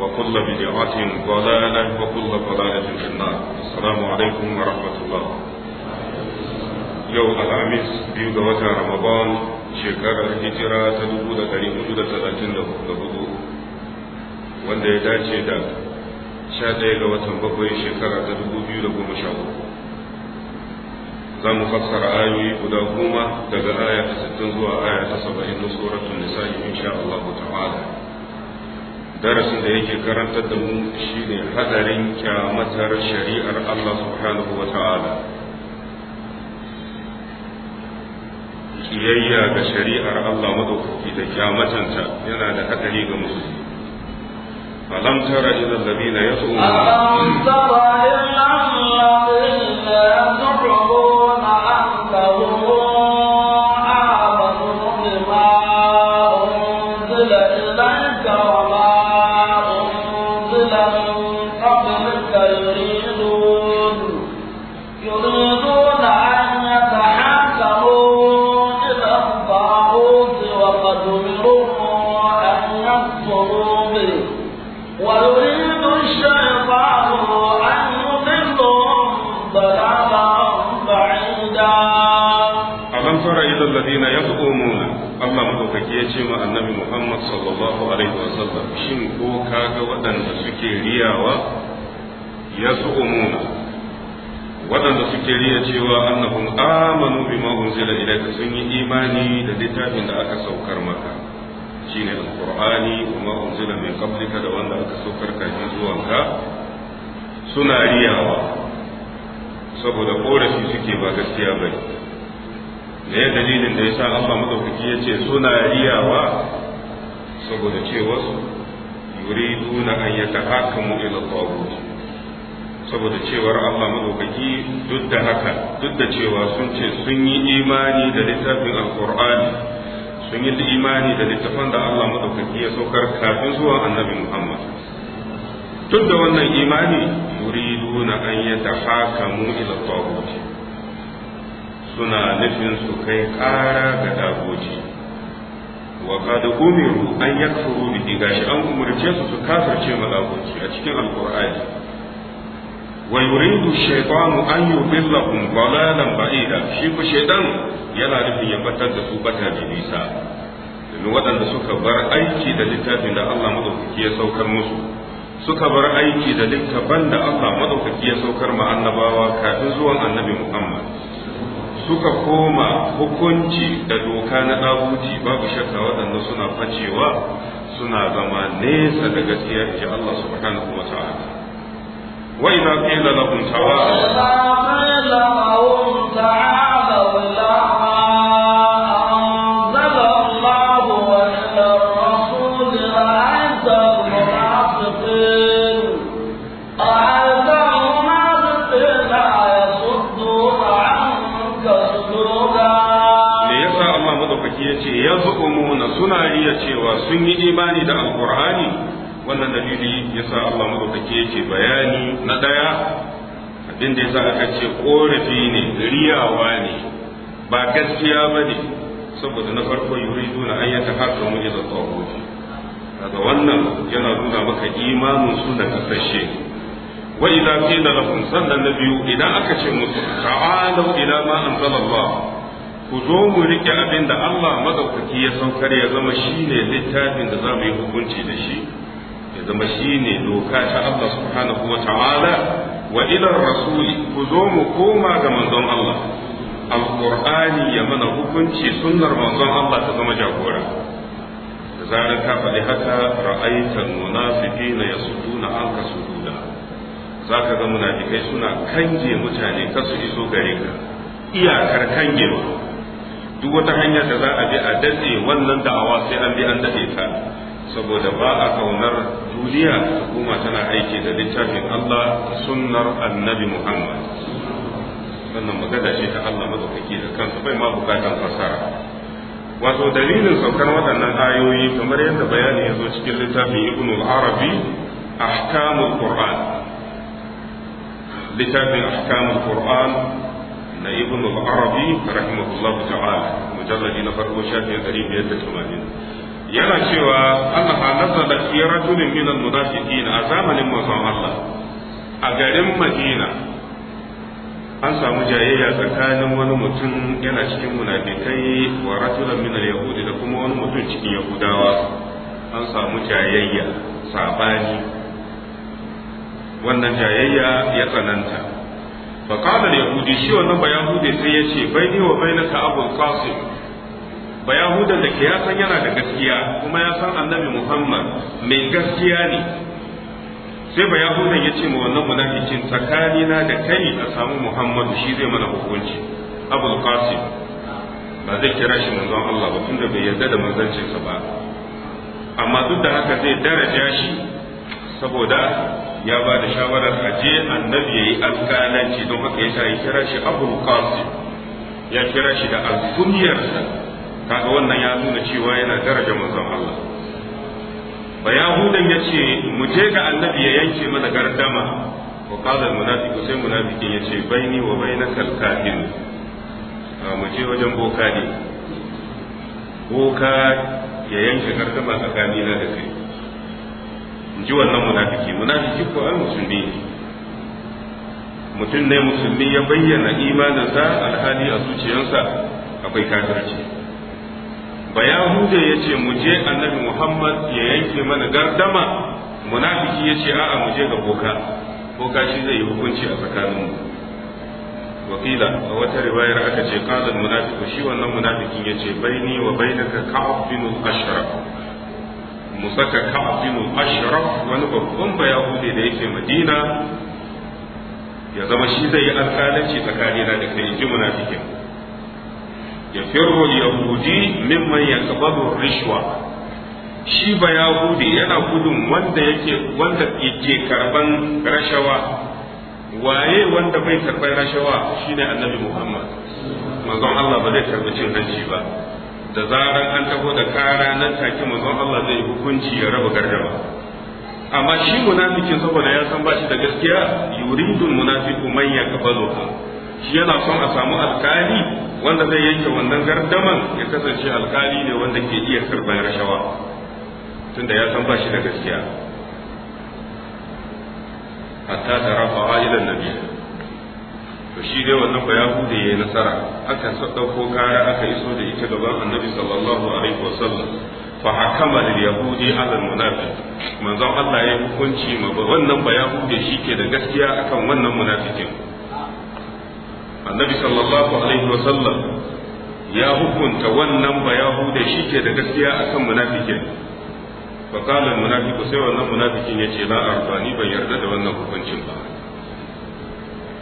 وكل بدعة ضلالة وكل ضلالة في النار السلام عليكم ورحمة الله يوم الخميس بيو دوتا رمضان شكرا الهجرة تدبو دا تاريخ دا تلاتين دا بدو وان دا يداتي دا شادي دا وطن بقوي شكرا تدبو بيو دا قوم شاور زم فسر آيوي قدا قوما دا آية 60 زوا آية 70 سورة النساء إن شاء الله تعالى darasin da yake karantar da mu shine hadarin kyamatar shari'ar Allah subhanahu wa ta'ala kiyayya ga shari'ar Allah madaukaki da kyamatanta yana da hadari ga musulmi alam tara ila alladhina yas'umuna alam tara ila alladhina أفرأيت الذين يزعمون الله مدوكاكي يجي مع النبي محمد صلى الله عليه وسلم شن كوكا ودن سكي رياوة يزعمون ودن سكي ريا جوا أنهم آمنوا بما أنزل إليك سن إيماني للتاب إن أكا سوكر مكا شين القرآن وما أنزل من قبلك لو أن أكا سوكر كجزوانك سنا رياوة saboda korafi suke ba gaskiya bane da ya dalilin da ya sa Allah madaukaki ya ce suna riyawa saboda yuri yuriduna an mu ila tawhid saboda cewar Allah madaukaki duk da haka duk da cewa sun ce sun yi imani da littafin al'kur'ani sun yi imani da littafin da Allah madaukaki ya saukar kafin zuwa annabi Muhammad duk da wannan imani yuri yuriduna an mu ila tawhid suna nufin su kai ƙara ga dagoji wa kada umiru an yakfuru bihi gashi an umurce su su kafirce malakoci a cikin alqur'ani wa yuridu shaytanu an yudillahum dalalan ba'ida shi ku shaytan yana nufin ya batar da su bata da domin waɗanda suka bar aiki da littafin da Allah madaukaki ya saukar musu suka bar aiki da littafin da Allah madaukaki ya saukar ma annabawa kafin zuwan annabi Muhammad suka koma hukunci da doka na ɗabuci babu shakka waɗanda suna facewa suna zama nesa da gaskiya ji Allah subhanahu wa ta'ala wa idza qila lahum tawa'a sun yi imani da alkur'ani wannan dalili yasa Allah madaukake yake bayani na ɗaya. abin da sa aka ce korafi ne riyawa ne ba gaskiya bane saboda na farko yuriduna an yatahakkamu ila tawhid daga wannan yana nuna maka imanin su da kasashe wa idza qila lahum sannan biyu idan aka ce musu ta'alu ila ma anzala ku zo mu rike abin da Allah madaukaki ya saukar ya zama shi ne littafin da za mu yi hukunci da shi ya zama shi ne doka ta Allah subhanahu wa ta'ala wa ila rasuli ku zo mu koma ga manzon Allah alqur'ani ya mana hukunci sunnar manzon Allah ta zama jagora da zarar ka faɗi haka ra'aita munafiqina yasuduna anka sududa zaka ga munafikai suna kanje mutane kasu iso gare ka iyakar kangewa duk wata hanyar da za a bi a dace wannan da'awa sai an bi an dace ta saboda ba a kaunar duniya hukuma tana aiki da littafin Allah sunnar annabi Muhammad wannan magana ce ta Allah madaukaki da kansa bai ma bukatan fasara wato dalilin saukar waɗannan ayoyi kamar yadda bayani ya zo cikin littafin Ibn arabi ahkamul Qur'an littafin ahkamul Qur'an na ibn al-arabi rahimahullahu ta'ala mujalladi na farko shafin ɗari biyar yana cewa Allah nazala fi rajulin min al-munafiqin a zamanin manzon Allah a garin Madina an samu jayayya tsakanin wani mutum yana cikin munafikai wa rajulan min al-yahudi da kuma wani mutum cikin yahudawa an samu jayayya sabani wannan jayayya ya tsananta fa ya yahudi shi wannan bayan yahudi sai ya ce baini wa bainaka abul qasim ba da ke ya san yana da gaskiya kuma ya san annabi muhammad mai gaskiya ne sai bayan yahudan ya ce ma wannan munafikin tsakanina da kai a samu muhammadu shi zai mana hukunci abul ba zai kira shi manzon Allah ba da bai yarda da mazancinsa ba amma duk da haka zai daraja shi saboda ya ba da shawarar aje annabi ya yi alƙalanci don haka yasa ya kira shi abul qasim ya kira shi da alkunyarsa kaga wannan ya nuna cewa yana daraja manzon Allah ba yahudan ya ce mu je ga annabi ya yanke mana gardama wa qala al munafiqu sai munafikin ya ce baini wa bainaka al kafir ah, mu je wajen boka ne boka ya yanke gardama tsakanina da kai ji wannan munafiki munafiki ko al musulmi mutum ne musulmi ya bayyana imaninsa alhali a zuciyarsa akwai kafirci baya yahuda ya ce mu je annabi muhammad ya yanke mana gardama munafiki ya ce a'a mu je ga boka boka shi zai yi hukunci a tsakaninmu wakila a wata riwayar aka ce kazan munafiku shi wannan munafikin ya ce baini wa bainaka ka'ab saka ka'ab ashraf wani babban bayahude da yake madina ya zama shi zai yi alƙalanci tsakanina da kai ji munafikin ya firro yahudi mimman ya kababu rishwa shi ba yahudi yana gudun wanda yake wanda yake karban rashawa waye wanda bai karban rashawa shine annabi muhammad manzon allah ba zai karbi cin hanci ba da zarar an taho da kara nan take manzon Allah zai hukunci ya raba gardama amma shi munafikin saboda ya san bashi da gaskiya yuridul munafiqu man yaqbaluha shi yana son a samu alkali wanda zai yanke wannan gardaman ya kasance alkali ne wanda ke iya karban rashawa tunda ya san bashi da gaskiya hatta tarafa ila nabiyyi to shi dai wannan ba yahuda yayi nasara aka dauko kara aka iso da ita gaban annabi sallallahu alaihi wasallam fa hakama lil yahudi ala al munafiq manzon Allah ya hukunci ma wannan ba ya yahuda ke da gaskiya akan wannan munafikin annabi sallallahu alaihi wasallam ya hukunta wannan ba ya yahuda ke da gaskiya akan munafikin fa qala al sai wannan munafikin yace la arfani ban yarda da wannan hukuncin ba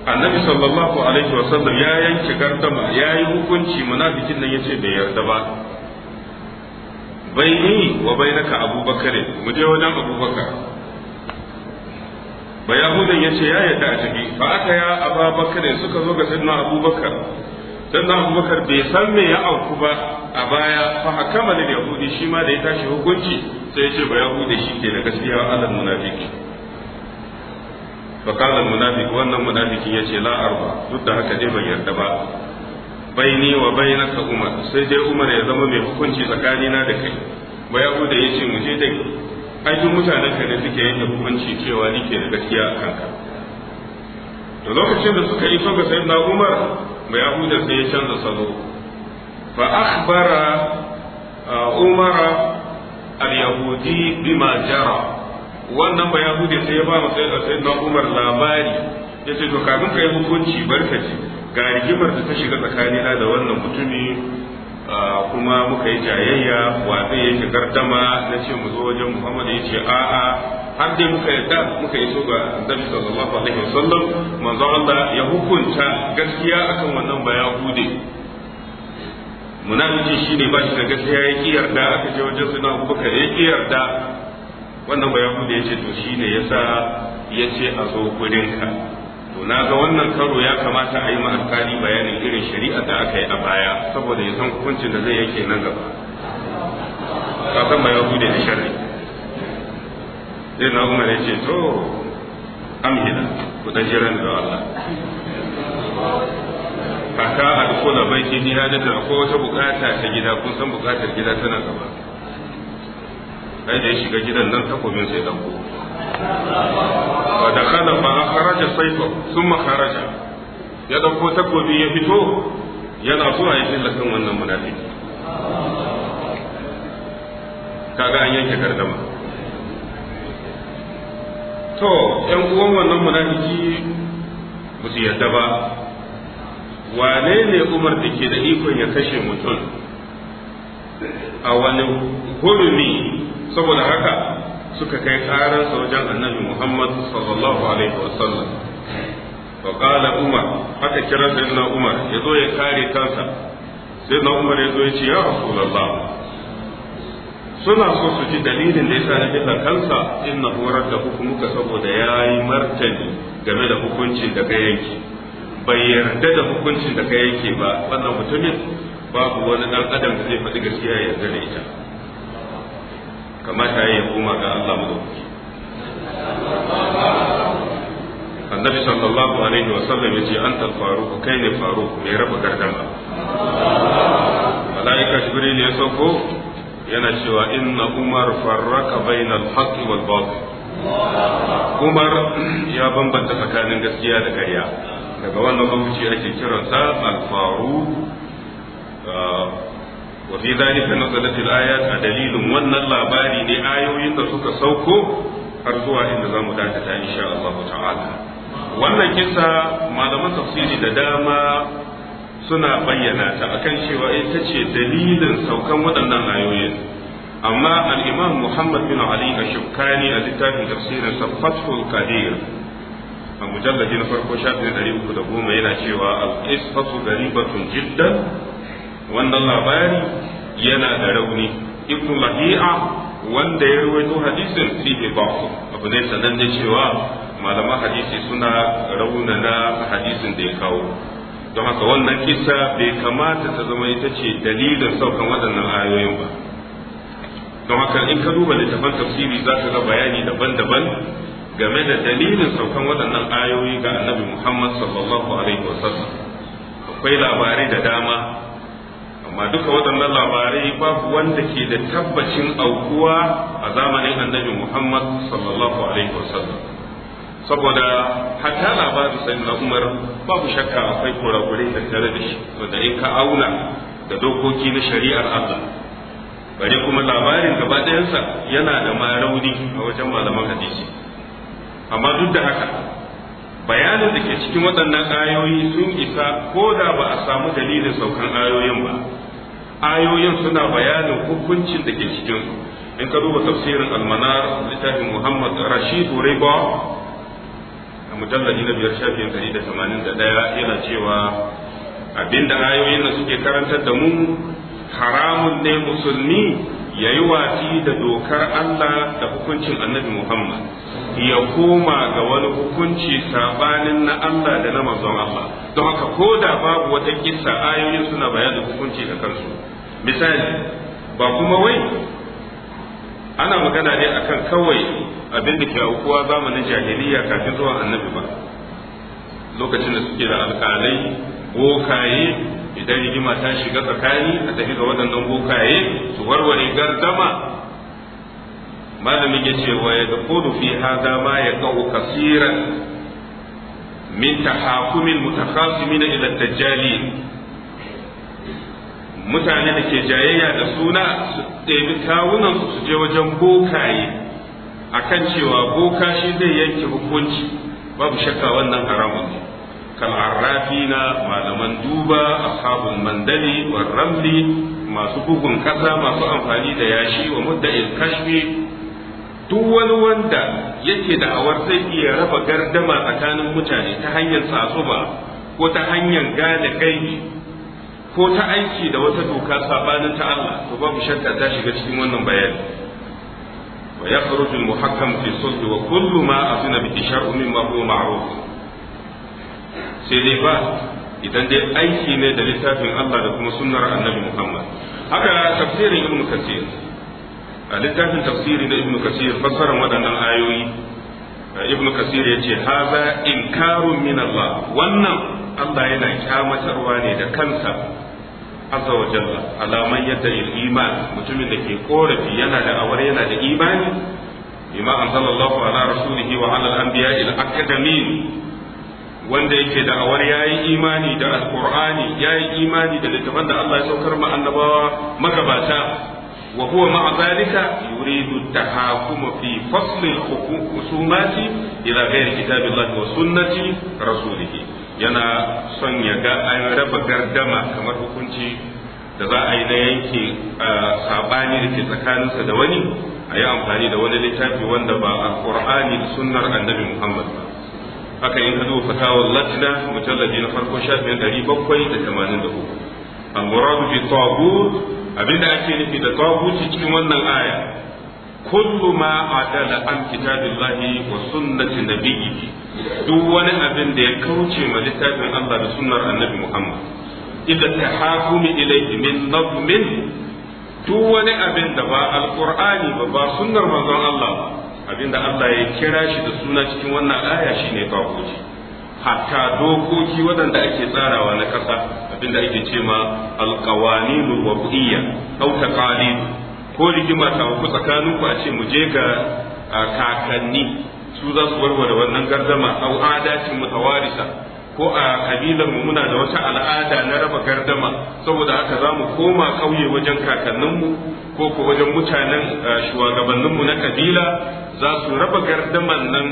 annabi sallallahu alaihi wa sallam ya yanke gardama ya yi hukunci munafikin nan yace bai yarda ba baini wa bainaka abubakar mu je wajen abubakar bayahudan yace ya yarda a ciki fa aka ya abubakar suka zo ga sayyidina abubakar sayyidina abubakar bai san me ya auku ba a baya fa hakama da yahudi shi ma da ya tashi hukunci sai ya ce bayahudi shi ke da gaskiya alal munafiki fa qala al-munafiq wannan munafikin yace la arba duk da haka dai ban yarda ba baini wa bainaka umar sai dai umar ya zama mai hukunci tsakanina da kai ba ya da yace mu je dai aikin mutanen ka ne suke yanke hukunci cewa ni ke da gaskiya a kanka to lokacin da suka iso ga sayyidina umar ba ya ya canza salo fa akhbara uh, umara al wannan ba yahudi sai ya ba mu sai na umar labari ya ce to kafin ka yi hukunci barkaci ga rigimar da ta shiga tsakanina da wannan mutumi kuma muka yi jayayya wa zai yake gardama na ce mu zo wajen muhammad ya ce a'a har dai muka da muka so ga annabi sallallahu alaihi wasallam manzo Allah ya hukunta gaskiya akan wannan ba yahude munafiki shine ba shi da gaskiya ya ki yarda aka je wajen sunan kuka ya ki yarda wannan ba yahuda ya ce to shi ne ya sa ya ce a zo kudinka to na ga wannan karo ya kamata a yi ma alkali bayanin irin shari'a da aka yi a baya saboda ya san hukuncin da zai yake nan gaba ka san ba yahuda da sharri sai na umar ya ce to amina ku dan jiran da Allah hatta bai ce ni da ko wata bukata ta gida kun san bukatar gida tana gaba sai da ya shiga gidan nan takobin sai ku wa kana fa akhraja sayfa thumma kharaja ya dauko takobi ya fito yana zuwa ya yi kan wannan munafiki kaga an yanke gardama to yan uwan wannan munafiki ba su yarda ba wane ne umar da ke da ikon ya kashe mutum a wani hurumi saboda haka suka kai karansa wajen annabi Muhammad sallallahu alaihi wasallam fa kala Umar haka kira na Umar ya zo ya kare kansa sai na Umar ya zo ya ce ya Rasulullah suna so su ji dalilin da yasa na kisa kansa in na horar da hukumuka saboda ya yi martani game da hukuncin da ka yanke bai yarda da hukuncin da ka yanke ba wannan mutumin babu wani dan adam da zai faɗi gaskiya ya yarda da ita kamata ya koma ga Allah madaukaki annabi sallallahu alaihi wa sallam yace anta faruq kai ne faruq mai raba gardama malaika jibril ya sauko yana cewa inna umar farraka bainal haqqi wal batil umar ya bambanta tsakanin gaskiya da ƙarya daga wannan lokaci ake kiransa al-faruq wa fi zalika nazalat a dalilin wannan labari ne ayoyin da suka sauko har zuwa inda zamu dakata insha Allah kisa malaman tafsiri da dama suna bayyana ta akan cewa ita ce dalilin saukan waɗannan ayoyin amma al Muhammad bin Ali ash-Shukani a littafin tafsirin sa Fathul Qadir a mujallaji na farko da 310 yana cewa al-qisatu gharibatun jiddan wannan labari yana da rauni ibnu lahi'a wanda ya rawaito hadisin fihi ba abu ne sananne cewa malaman hadisi suna raunana hadisin da ya kawo don haka wannan kisa bai kamata ta zama ita ce dalilin saukan waɗannan ayoyin ba don haka in ka duba littafan tafsiri za ka ga bayani daban-daban game da dalilin saukan waɗannan ayoyi ga annabi muhammad sallallahu alaihi wasallam akwai labarai da dama Ma duka waɗannan labarai babu wanda ke da tabbacin aukuwa a zamanin annabi Muhammad sallallahu alaihi wasallam saboda hatta labarin sai na Umar babu shakka akwai kurakurai tattare da shi wanda in ka auna da dokoki na shari'ar Allah bare kuma labarin gaba ɗayansa yana da ma a wajen malaman hadisi amma duk da haka bayanin da ke cikin waɗannan ayoyi sun isa ko da ba a samu dalilin saukan ayoyin ba ayoyin suna bayanin hukuncin da ke cikin su in ka duba tafsirin almanar littafin muhammad rashid riba a mujallaji na biyar shafin dari da tamanin da daya yana cewa abinda ayoyin da suke karantar da mu haramun ne musulmi Yayi yi da dokar Allah da hukuncin annabi Muhammad ya koma ga wani hukunci sabanin na Allah da na manzon Allah don haka ko da babu wata kissa ayoyin suna da hukunci da kansu misali ba kuma wai ana magana ne akan kawai abin da ke aukuwa zamanin jahiliya kafin zuwa annabi ba lokacin da suke da alƙalai bokaye idan rigima ta shiga tsakani a tafi ga waɗannan bokaye su warware gardama malamin ya ce wa ya fi haza ma ya kawo kasiran min tahakumin mutakhasimin ila tajjali mutane da ke jayayya da suna su ɗebi kawunan su je wajen bokaye akan cewa boka shi zai yanke hukunci babu shakka wannan haramun ne kal'arrafina malaman duba ashabul mandali wa ramli masu bugun kasa masu amfani da yashi wa mudda'il kashfi duk wani wanda yake da awar zai iya raba gardama tsakanin mutane ta hanyar tsatsuba ko ta hanyar gane gaibi ko ta aiki da wata doka sabanin ta Allah to babu shakka ta shiga cikin wannan bayani wa yakhruju al-muhakkam fi sulh wa kullu ma afina bi shar'u mimma huwa ma'ruf sai dai ba idan dai aiki ne da littafin Allah da kuma sunnar annabi Muhammad haka tafsirin Ibn kasir a littafin tafsiri da ibnu kasir fassarar waɗannan ayoyi Ibn kasir ya ce haza inkarun min Allah wannan Allah yana kyamatarwa ne da kansa azza wa jalla alaman yadda iman mutumin da ke korafi yana da awar yana da imani bima anzalallahu ala rasulihi wa ala al-anbiya'i al-akademin wanda yake da awar yayi imani da ya yayi imani da littafin da Allah ya saukar ma annabawa magabata wa huwa ma'a zalika yuridu tahakuma fi fasl al ila ghairi kitabillahi wa sunnati rasulih yana son ya ga an raba gardama kamar hukunci da za a yi na yanke sabani da ke tsakaninsa da wani a yi amfani da wani littafi wanda ba alqur'ani da sunnar annabi Muhammad ba haka in ka zo fatawar lajna mujallabi na farko shafin ɗari bakwai da tamanin da uku al-muradu bi tagut abinda ake nufi da tagut cikin wannan aya kullu ma adala an kitabillahi wa sunnati nabiyyi duk wani abin da ya kauce ma littafin Allah da sunnar annabi Muhammad idza tahakumi ilayhi min nadmin duk wani abin da ba alqur'ani ba ba sunnar manzon Allah ba abinda Allah ya kira shi da suna cikin wannan aya shine bakoki hatta dokoki waɗanda ake tsarawa na ƙasa abinda ake ce ma alƙawaninu wa bu'iyya au taqalid ko rigima ta ku tsakanin ku a ce mu je ga kakanni su za su warware wannan gardama au adatin mutawarisa ko a kabilar mu muna da wata al'ada na raba gardama saboda haka za mu koma ƙauye wajen kakanninmu ko ko wajen mutanen shugabanninmu na kabila za su raba gardaman nan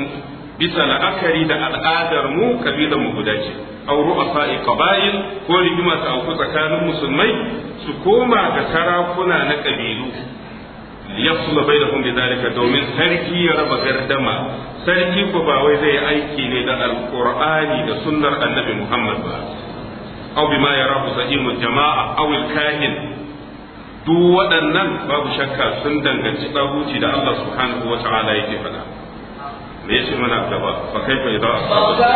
bisa la'akari da al'adar mu kabilar mu guda ce auru asa'i qaba'il ko rigima ta auku tsakanin musulmai su koma ga sarakuna na kabilu da hundi bidhalika domin sarki ya raba gardama sarki ku ba wai zai aiki ne da alkur'ani da sunnar annabi Muhammad ba aw bima rabu sa'imu jama'a aw kahin duk waɗannan babu shakka sun danganci tsaguci da Allah subhanahu wa ta'ala yake faɗa me yace mana gaba fa kaifa idza asaba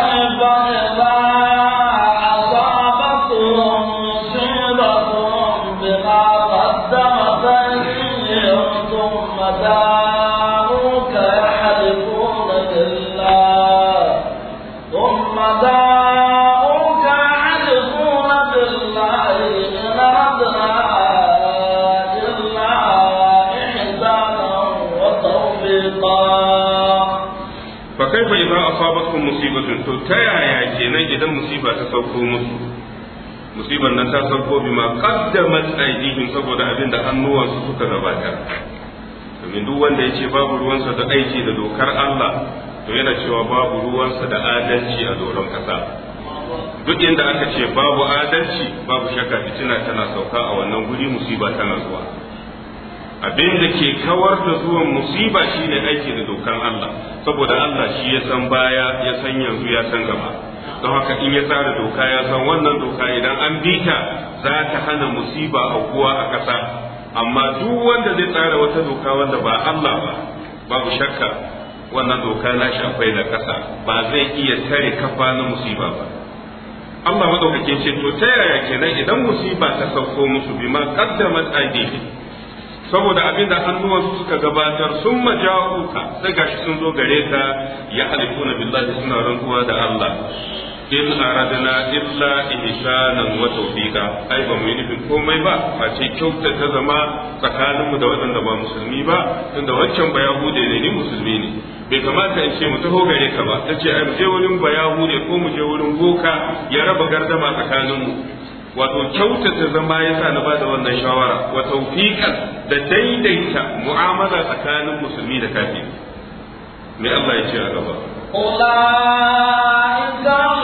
idza asabatkum musibatun to ta yaya kenan idan musiba ta sauko musu musibar nan ta sauko bima qaddamat aydihim saboda abin da su suka gabata domin duk wanda ya ce babu sa da aiki da dokar Allah to yana cewa babu ruwan sa da adalci a doron kasa duk inda aka ce babu adalci babu shakka fitina tana sauka a wannan guri musiba tana zuwa abin da ke kawar da zuwan musiba shine aiki da dokan Allah saboda Allah shi ya san baya ya san yanzu ya san gaba don haka in ya tsara doka ya san wannan doka idan an bi ta za ta hana musiba aukuwa a ƙasa amma duk wanda zai tsara wata doka wanda ba Allah ba babu shakka wannan doka na shi akwai da ƙasa ba zai iya tare kafa na musiba ba Allah madaukake ce to ta yaya kenan idan musiba ta sauko musu bi ma qaddamat aydihim saboda abin da su suka gabatar sun maja'uka sai gashi sun zo gare ta ya na billahi suna rantsuwa da Allah in aradna illa ihsanan wa tawfiqa ai ba mu yi nufin komai ba ce kyauta ta zama tsakaninmu da waɗanda ba musulmi ba tunda wancan ba yahude ne ni musulmi ne bai kamata in ce mu taho gare ka ba tace ai je wurin ba yahude ko mu je wurin boka ya raba gardama tsakaninmu wato kyautata zama ya sa na bada wannan shawara wa tawfiqan da daidaita mu'amala tsakanin musulmi da kafiri me Allah ya ce a gaba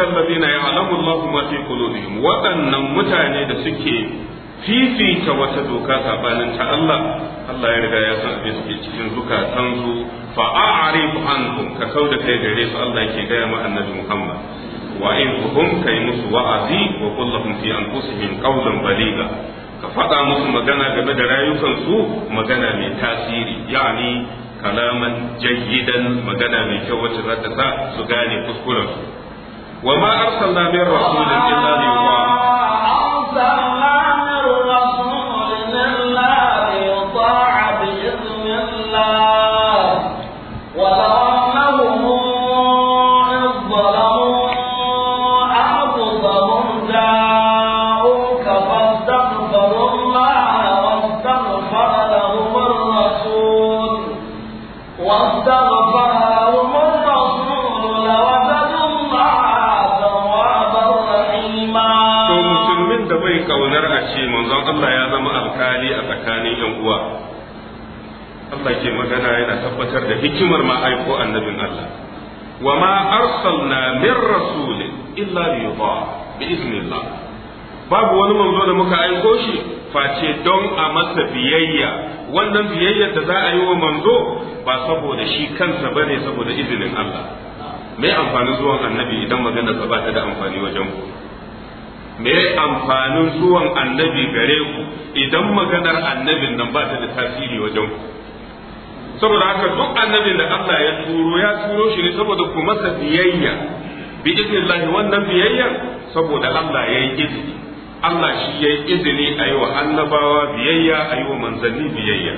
ulaika allazina ya'lamu Allahu ma fi qulubihim waɗannan mutane da suke fifita wata doka sabanin ta Allah Allah ya riga ya san abin suke cikin zukatan su fa a'rif anhum ka kauda kai gare su Allah yake gaya ma annabi Muhammad wa in hum kai musu wa'azi wa qul lahum fi anfusihim qawlan baliga ka faɗa musu magana game da rayukan su magana mai tasiri yani kalaman jayyidan magana mai kyau wacce za ta sa su gane kuskurensu وما أرسلنا من رسول إلا ليطاع أرسلنا من رسول إلا ليطاع بإذن الله ولو أنهم إذ ظلموا أنفسهم جاءوك فاستغفروا الله واستغفر لهم الرسول واستغفر manzon Allah ya zama alkali a tsakanin yan uwa Allah ke magana yana tabbatar da hikimar ma aiko annabin Allah wa ma arsalna min rasul illa liyuba bi iznillah babu wani manzo da muka aiko shi face don a masa biyayya wannan biyayyar da za a yi wa manzo ba saboda shi kansa bane saboda izinin Allah mai amfani zuwan annabi idan magana ba ta da amfani wajen ku me amfanin zuwan annabi gare ku idan maganar annabin nan ba ta da tasiri wajen ku saboda haka duk annabin da Allah ya turo ya turo shi ne saboda ku masa biyayya bi idnillahi wannan biyayya saboda Allah ya yi izini Allah shi ya yi izini a yi wa annabawa biyayya a yi wa manzanni biyayya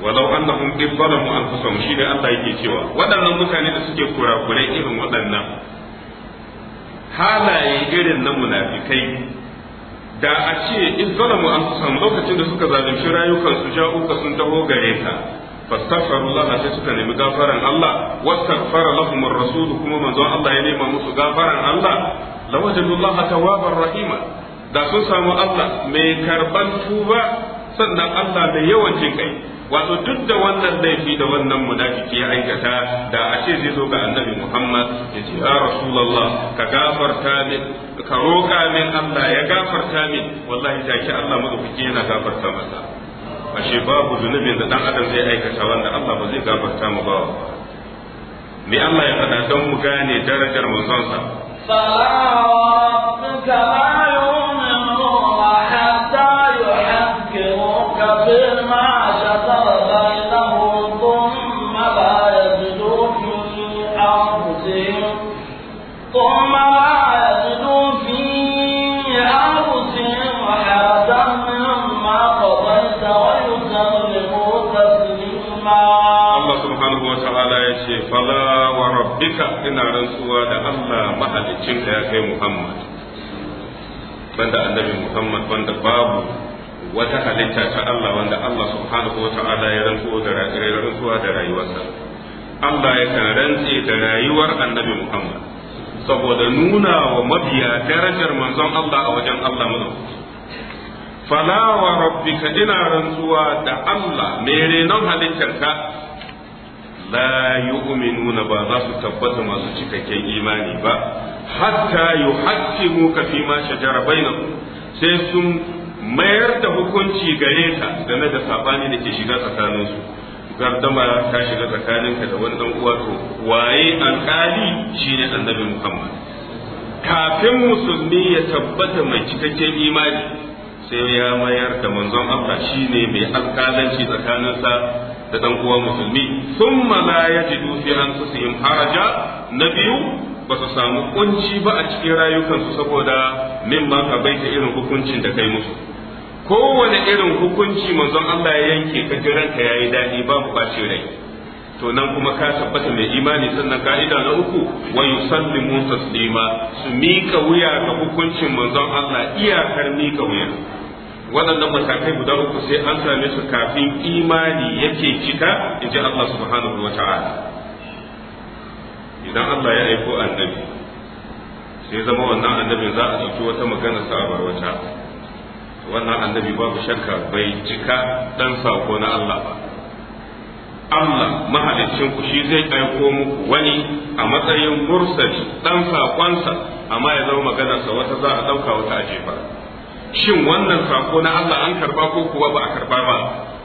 walau annahum qad anfusahum shi ne Allah yake cewa waɗannan mutane da suke kurakurai irin waɗannan halaye irin na munafikai da a ce in zalamu an samu lokacin da suka zalunci rayukansu uka sun taho gare ta fastaghfiru Allah sai suka nemi gafaran Allah wastaghfara lahum ar-rasul kuma manzon Allah ya nema musu gafaran Allah lawajadu Allah tawwabar rahima da sun samu Allah mai karban tuba sannan Allah mai yawan jin kai wato duk da wannan laifi da wannan munafiki ya aikata da ashe zai zo ga annabi Muhammad ya ce ya Rasulullah ka gafarta min ka roƙa min Allah ya gafarta min wallahi da ki Allah madaukaki yana gafarta masa ashe babu zunubin da dan adam zai aikata wanda Allah ba zai gafarta mu ba me Allah ya faɗa don mu gane darajar manzon sa fala rabbika fala wa rabbika ina rantsuwa da Allah mahalicin da ya kai Muhammad banda annabi Muhammad banda babu wata halitta ta Allah wanda Allah subhanahu wa ta'ala ya rantsuwa da rayuwarsa Allah ya kan rantsi da rayuwar annabi Muhammad saboda nuna wa mabiya darajar manzon Allah a wajen Allah mu fala wa rabbika ina rantsuwa da Allah mai nan halittarka la yu'minuna ba za su tabbata masu cikakken imani ba hatta yuhaqqimu ka fi ma shajara bainahum sai sun mayar da hukunci gare ka game da sabani da ke shiga tsakaninsu gardama ta shiga tsakaninka da wani dan uwa to waye alkali shine annabi Muhammad kafin musulmi ya tabbata mai cikakken imani sai ya mayar da manzon Allah shine mai alkalanci tsakaninsa da dan uwa musulmi thumma la yajidu fi anfusihim haraja na biyu ba su samu kunci ba a cikin rayukansu saboda min ba ka baita irin hukuncin da kai musu kowane irin hukunci manzon Allah ya yanke ka jiran ka yayi dadi babu bace rai to nan kuma ka tabbata mai imani sannan ka'ida na uku wa yusallimu taslima su mika wuya ga hukuncin manzon Allah iyakar mika wuya waɗannan matakai guda uku sai an same su kafin imani yake cika in ji Allah subhanahu wa ta'ala idan Allah ya aiko annabi sai zama wannan annabin za a ɗauki wata magana sa a wata wannan annabi babu shakka bai cika dan sako na Allah ba Allah mahalicin ku shi zai aiko muku wani a matsayin mursali dan sakonsa amma ya zama maganarsa wata za a ɗauka wata a jefa shin wannan sako na Allah an karba ko kuwa ba a karba ba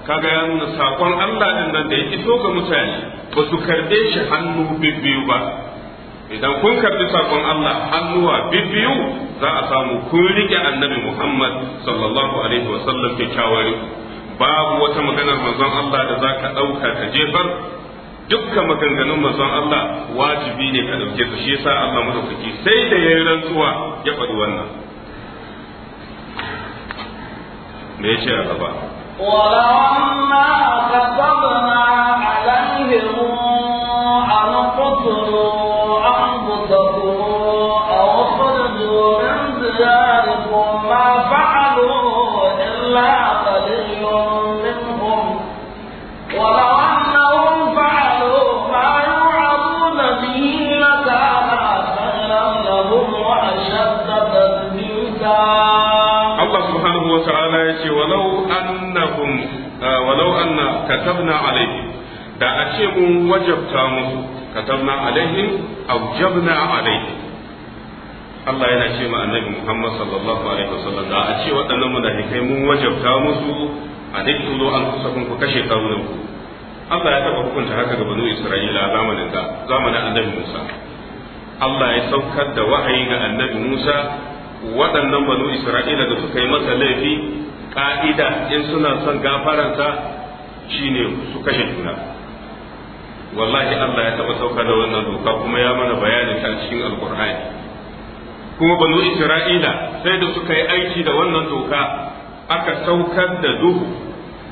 kaga ya nuna sakon Allah din nan da ya iso ga mutane ba su karbe shi hannu bibbiyu ba idan kun karbi sakon Allah hannuwa bibbiyu za a samu kun rike annabi Muhammad sallallahu alaihi wa sallam kyakkyawar babu wata maganar manzon Allah da zaka dauka ka jefar dukkan maganganun manzon Allah wajibi ne ka dauke su shi yasa Allah madaukaki sai da yayin rantsuwa ya faɗi wannan me ya ce a gaba ولما كتبنا عليهم أن katabna alaihim da a ce mun wajabta musu katabna alaihim awjabna alaihim Allah yana ce ma annabi Muhammad sallallahu alaihi wasallam da a ce waɗannan kai mun wajabta musu a daktulu an kusa ku kashe kawunan ku Allah ya taba hukunta haka ga banu Isra'ila zamanin da zamanin annabi Musa Allah ya saukar da wahayi ga annabi Musa waɗannan banu Isra'ila da suka yi masa laifi ka'ida in suna son gafararsa shine su kashe juna wallahi Allah ya taba sauka da wannan doka kuma ya mana bayanin ta cikin alkur'ani kuma banu isra'ila sai da suka yi aiki da wannan doka aka saukar da duhu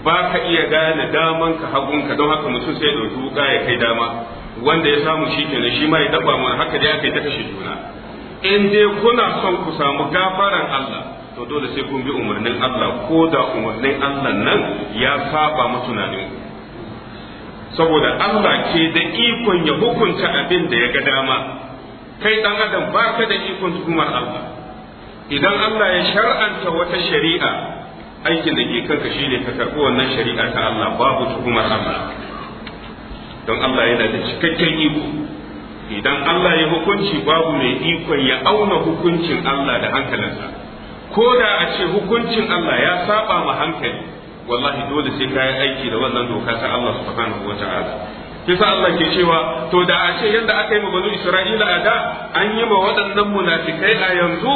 ba ka iya gane daman ka ka, don haka mutum sai da wuka ya kai dama wanda ya samu shi kenan shi ma ya daba mu haka dai aka yi ta kashe juna in dai kuna son ku samu gafaran Allah to dole sai kun bi umarnin Allah ko da umarnin Allah nan ya saba mu tunanin saboda Allah ke da ikon ya hukunta abin da ya ga dama kai dan adam ba ka da ikon tuhumar Allah idan Allah ya shar'anta wata shari'a aikin da ke kanka shine ka karɓi wannan shari'a ta Allah babu tuhumar Allah don Allah yana da cikakken iko idan Allah ya hukunci babu mai ikon ya auna hukuncin Allah da hankalinsa ko da a ce hukuncin Allah ya saba ma hankali wallahi dole sai kayan aiki da wannan doka ta Allah subhanahu ta'ala kisa Allah ke cewa to da a ce yadda aka yi ma banu Isra'ila a da an yi ma waɗannan munafikai a yanzu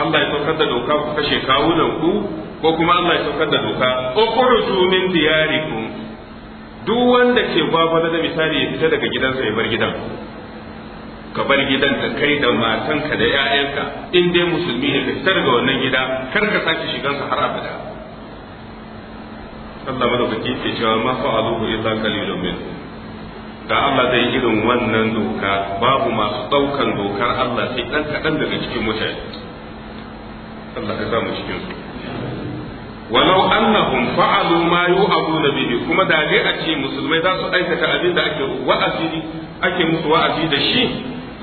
Allah ya saukar da doka ku kashe kawunan ku ko kuma Allah ya saukar da doka ukhruju min diyarikum duk wanda ke babu da misali ya fita daga gidansa ya bar gidan ka bar gidanka kai da matanka da 'ya'yanka in dai musulmi ne ka fitar ga wannan gida kar ka sake shigansa har abada Allah madaukaki ke cewa ma fa'aluhu illa qalilun min da Allah zai irin wannan doka babu masu daukan dokar Allah sai dan kadan daga cikin mutane Allah ka samu cikin su walau annahum fa'alu ma yu'abuna bihi kuma da dai a ce musulmai za su aikata abin da ake wa'azi ake musu wa'azi da shi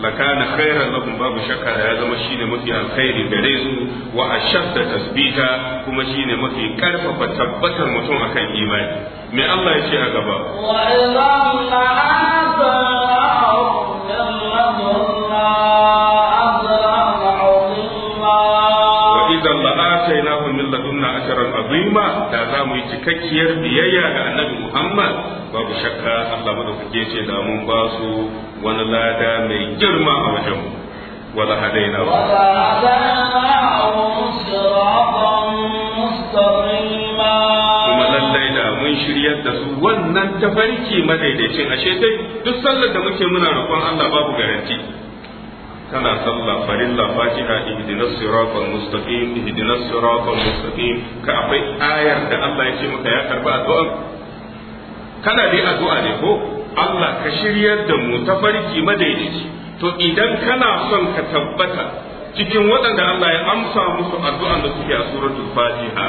lakana khairan lahum babu shakka da ya zama shine mafi alkhairi ga su wa da tasbita kuma shine mafi karfafa tabbatar mutum akan imani me Allah ya ce a gaba wa illam la'atainahum min ladunna ajran azima da za mu yi cikakkiyar biyayya ga annabi Muhammad babu shakka Allah madaukake ce da mun ba su wani lada mai girma a wajen mu wala hadaina kuma lallai da mun shiryar da su wannan tafarki madaidaicin ashe sai duk sallar da muke muna roƙon Allah babu garanti kana sallah farilla fatiha ihdinas siratal mustaqim ihdinas siratal mustaqim ka akwai ayar da Allah ya ce maka ya karba addu'a kana dai addu'a ne ko Allah ka shiryar da mu ta farki madaidaici to idan kana son ka tabbata cikin waɗanda Allah ya amsa musu addu'a da suke a suratul Fatiha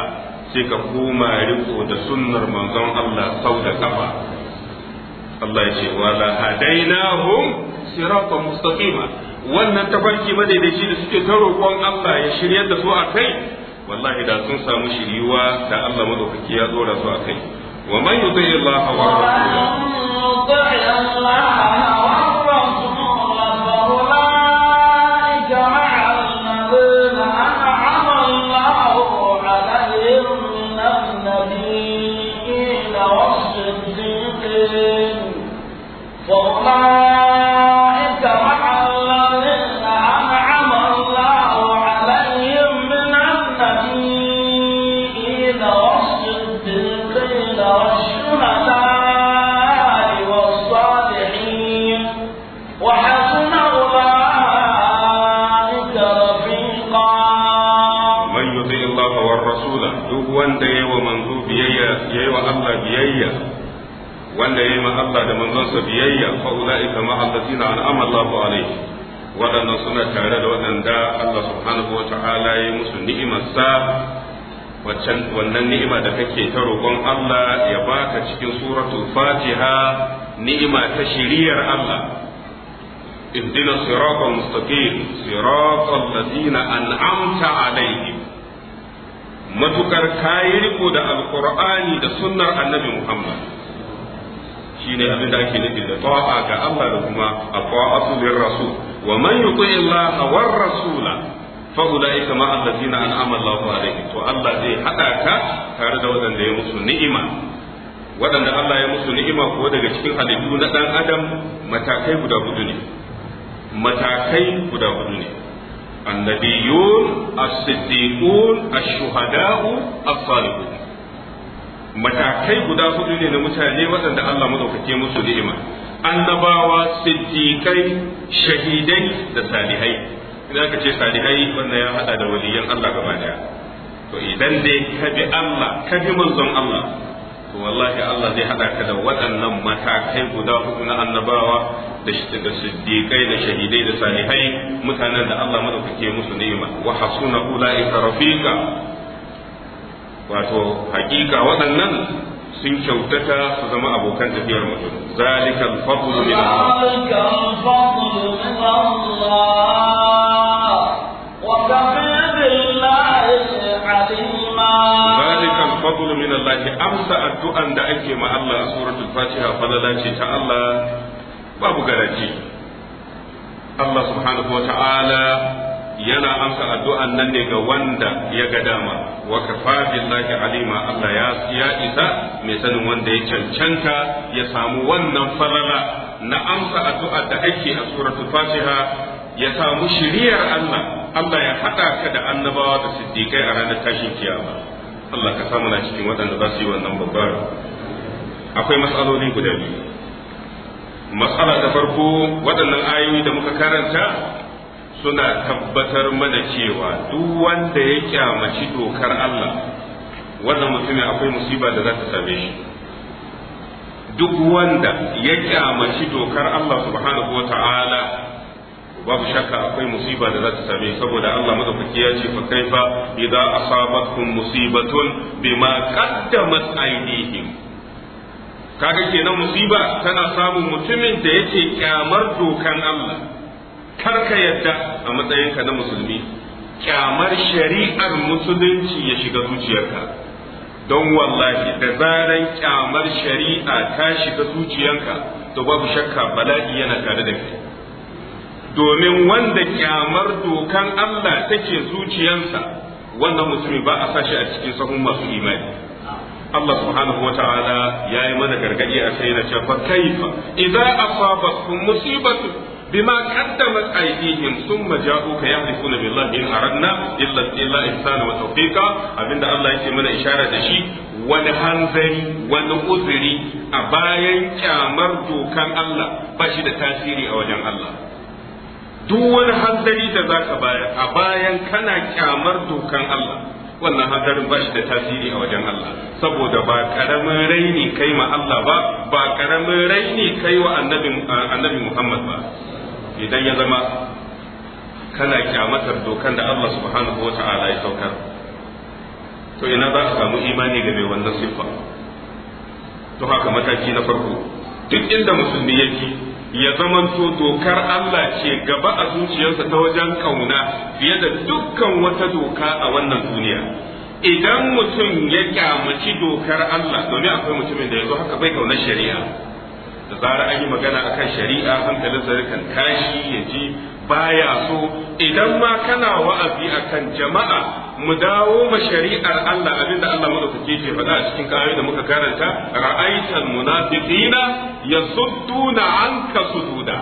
sai ka koma riko da sunnar manzon Allah sau da kafa Allah ya ce wala hadainahum siratan mustaqima wannan tafarki madaidaici da suke ta roƙon Allah ya shiryar da su a kai wallahi da sun samu shiriwa da Allah madaukaki ya da su a kai ومن يطيع الله ورسوله yayi ma Allah da manzonsa biyayya fa ulaika ma allazina an'ama Allahu alaihi waɗannan suna tare da waɗanda Allah subhanahu wa ta'ala ya musu ni'imarsa waccan wannan ni'ima da kake ta roƙon Allah ya baka cikin suratul Fatiha ni'ima ta shiriyar Allah اهدنا الصراط المستقيم صراط الذين أنعمت عليهم matukar kayi riko da alkur'ani da sunnar annabi muhammad shine abin da ake nufi da ta'a ga Allah da kuma ata'atu lir rasul wa man yuti Allah war rasul fa ulaika ma alladhina an'ama Allahu alaihim to Allah zai hada ka tare da waɗanda ya musu ni'ima waɗanda Allah ya musu ni'ima ko daga cikin halittu na dan adam matakai guda hudu ne matakai guda hudu ne annabiyun as-siddiqun ash-shuhada'u as-salihun matakai guda hudu ne na mutane waɗanda Allah madaukake musu ni'ima annabawa siddiqai shahidai da salihai idan ka ce salihai wannan ya hada da waliyan Allah gaba daya to idan dai ka bi Allah ka bi manzon Allah to wallahi Allah zai hada ka da waɗannan matakai guda hudu na annabawa da siddiqai da shahidai da salihai mutanen da Allah madaukake musu ni'ima wa hasuna ulaika rafiqa wato hakika waɗannan sun kyautata su zama abokan tafiyar mutum zalika al-fadl min Allah wa kafa billahi alima zalika al-fadl min Allah amsa addu'an da ake ma Allah a suratul Fatiha falala ce ta Allah babu garaji Allah subhanahu wa ta'ala yana amsa addu'a nan ne ga wanda ya ga dama wa kafa billahi alima Allah ya ya isa mai sanin wanda ya cancanta ya samu wannan farara na amsa addu'a da ake a suratul fatiha ya samu shiriyar Allah Allah ya haɗa ka da annabawa da siddiqai a ranar tashin kiyama Allah ka samu na cikin waɗanda za su yi wannan babbar akwai matsaloli guda biyu matsala ta farko waɗannan ayoyi da muka karanta suna tabbatar mana cewa duk wanda ya kyamaci dokar Allah wannan mutumin akwai musiba da za ta same shi duk wanda ya kyamaci dokar Allah subhanahu wa ta'ala babu shakka akwai musiba da za ta same saboda Allah madaukaki ya ce fa kaifa idza asabatkum musibatun bima qaddamat aydihim kaga kenan musiba tana samun mutumin da yake kyamar dokan Allah kar ka yadda a matsayinka na musulmi kyamar shari'ar musulunci ya shiga zuciyarka don wallahi da zaran kyamar shari'a ta shiga zuciyarka to babu shakka bala'i yana tare da kai domin wanda kyamar dokan Allah take zuciyarsa wannan musulmi ba a sashi a cikin sahun masu imani Allah subhanahu wata'ala ya yi mana gargaɗi a sai na cewa kaifa idza asabatkum musibatu bima qaddamat aydihim thumma ja'uka yahlifuna billahi in aradna illa illa ihsana wa tawfiqa abinda Allah yake mana ishara da shi wani hanzari wani uzuri a bayan kyamar dokan Allah ba shi da tasiri a wajen Allah duk wani hanzari da zaka a bayan kana kyamar dokan Allah wannan hadarin ba shi da tasiri a wajen Allah saboda ba karamin raini kai ma Allah ba ba karamin raini kai wa annabi Muhammad ba idan ya zama kana kyamatar dokan da Allah subhanahu wata'ala ya saukar to ina za ka samu imani ga mai wannan siffa to haka mataki na farko duk inda musulmi yake ya zamanto dokar Allah ce gaba a zuciyarsa ta wajen kauna fiye da dukkan wata doka a wannan duniya idan mutum ya kyamaci dokar Allah domin akwai mutumin da ya zo haka bai kaunar shari'a da zarar an yi magana akan shari'a hankalinsa kan tashi ya ji baya so idan ma kana wa'azi akan jama'a mu dawo ma shari'ar Allah abinda Allah madaukake ke faɗa a cikin kayoyi da muka karanta ra'aital munafiqina yasudduna anka sududa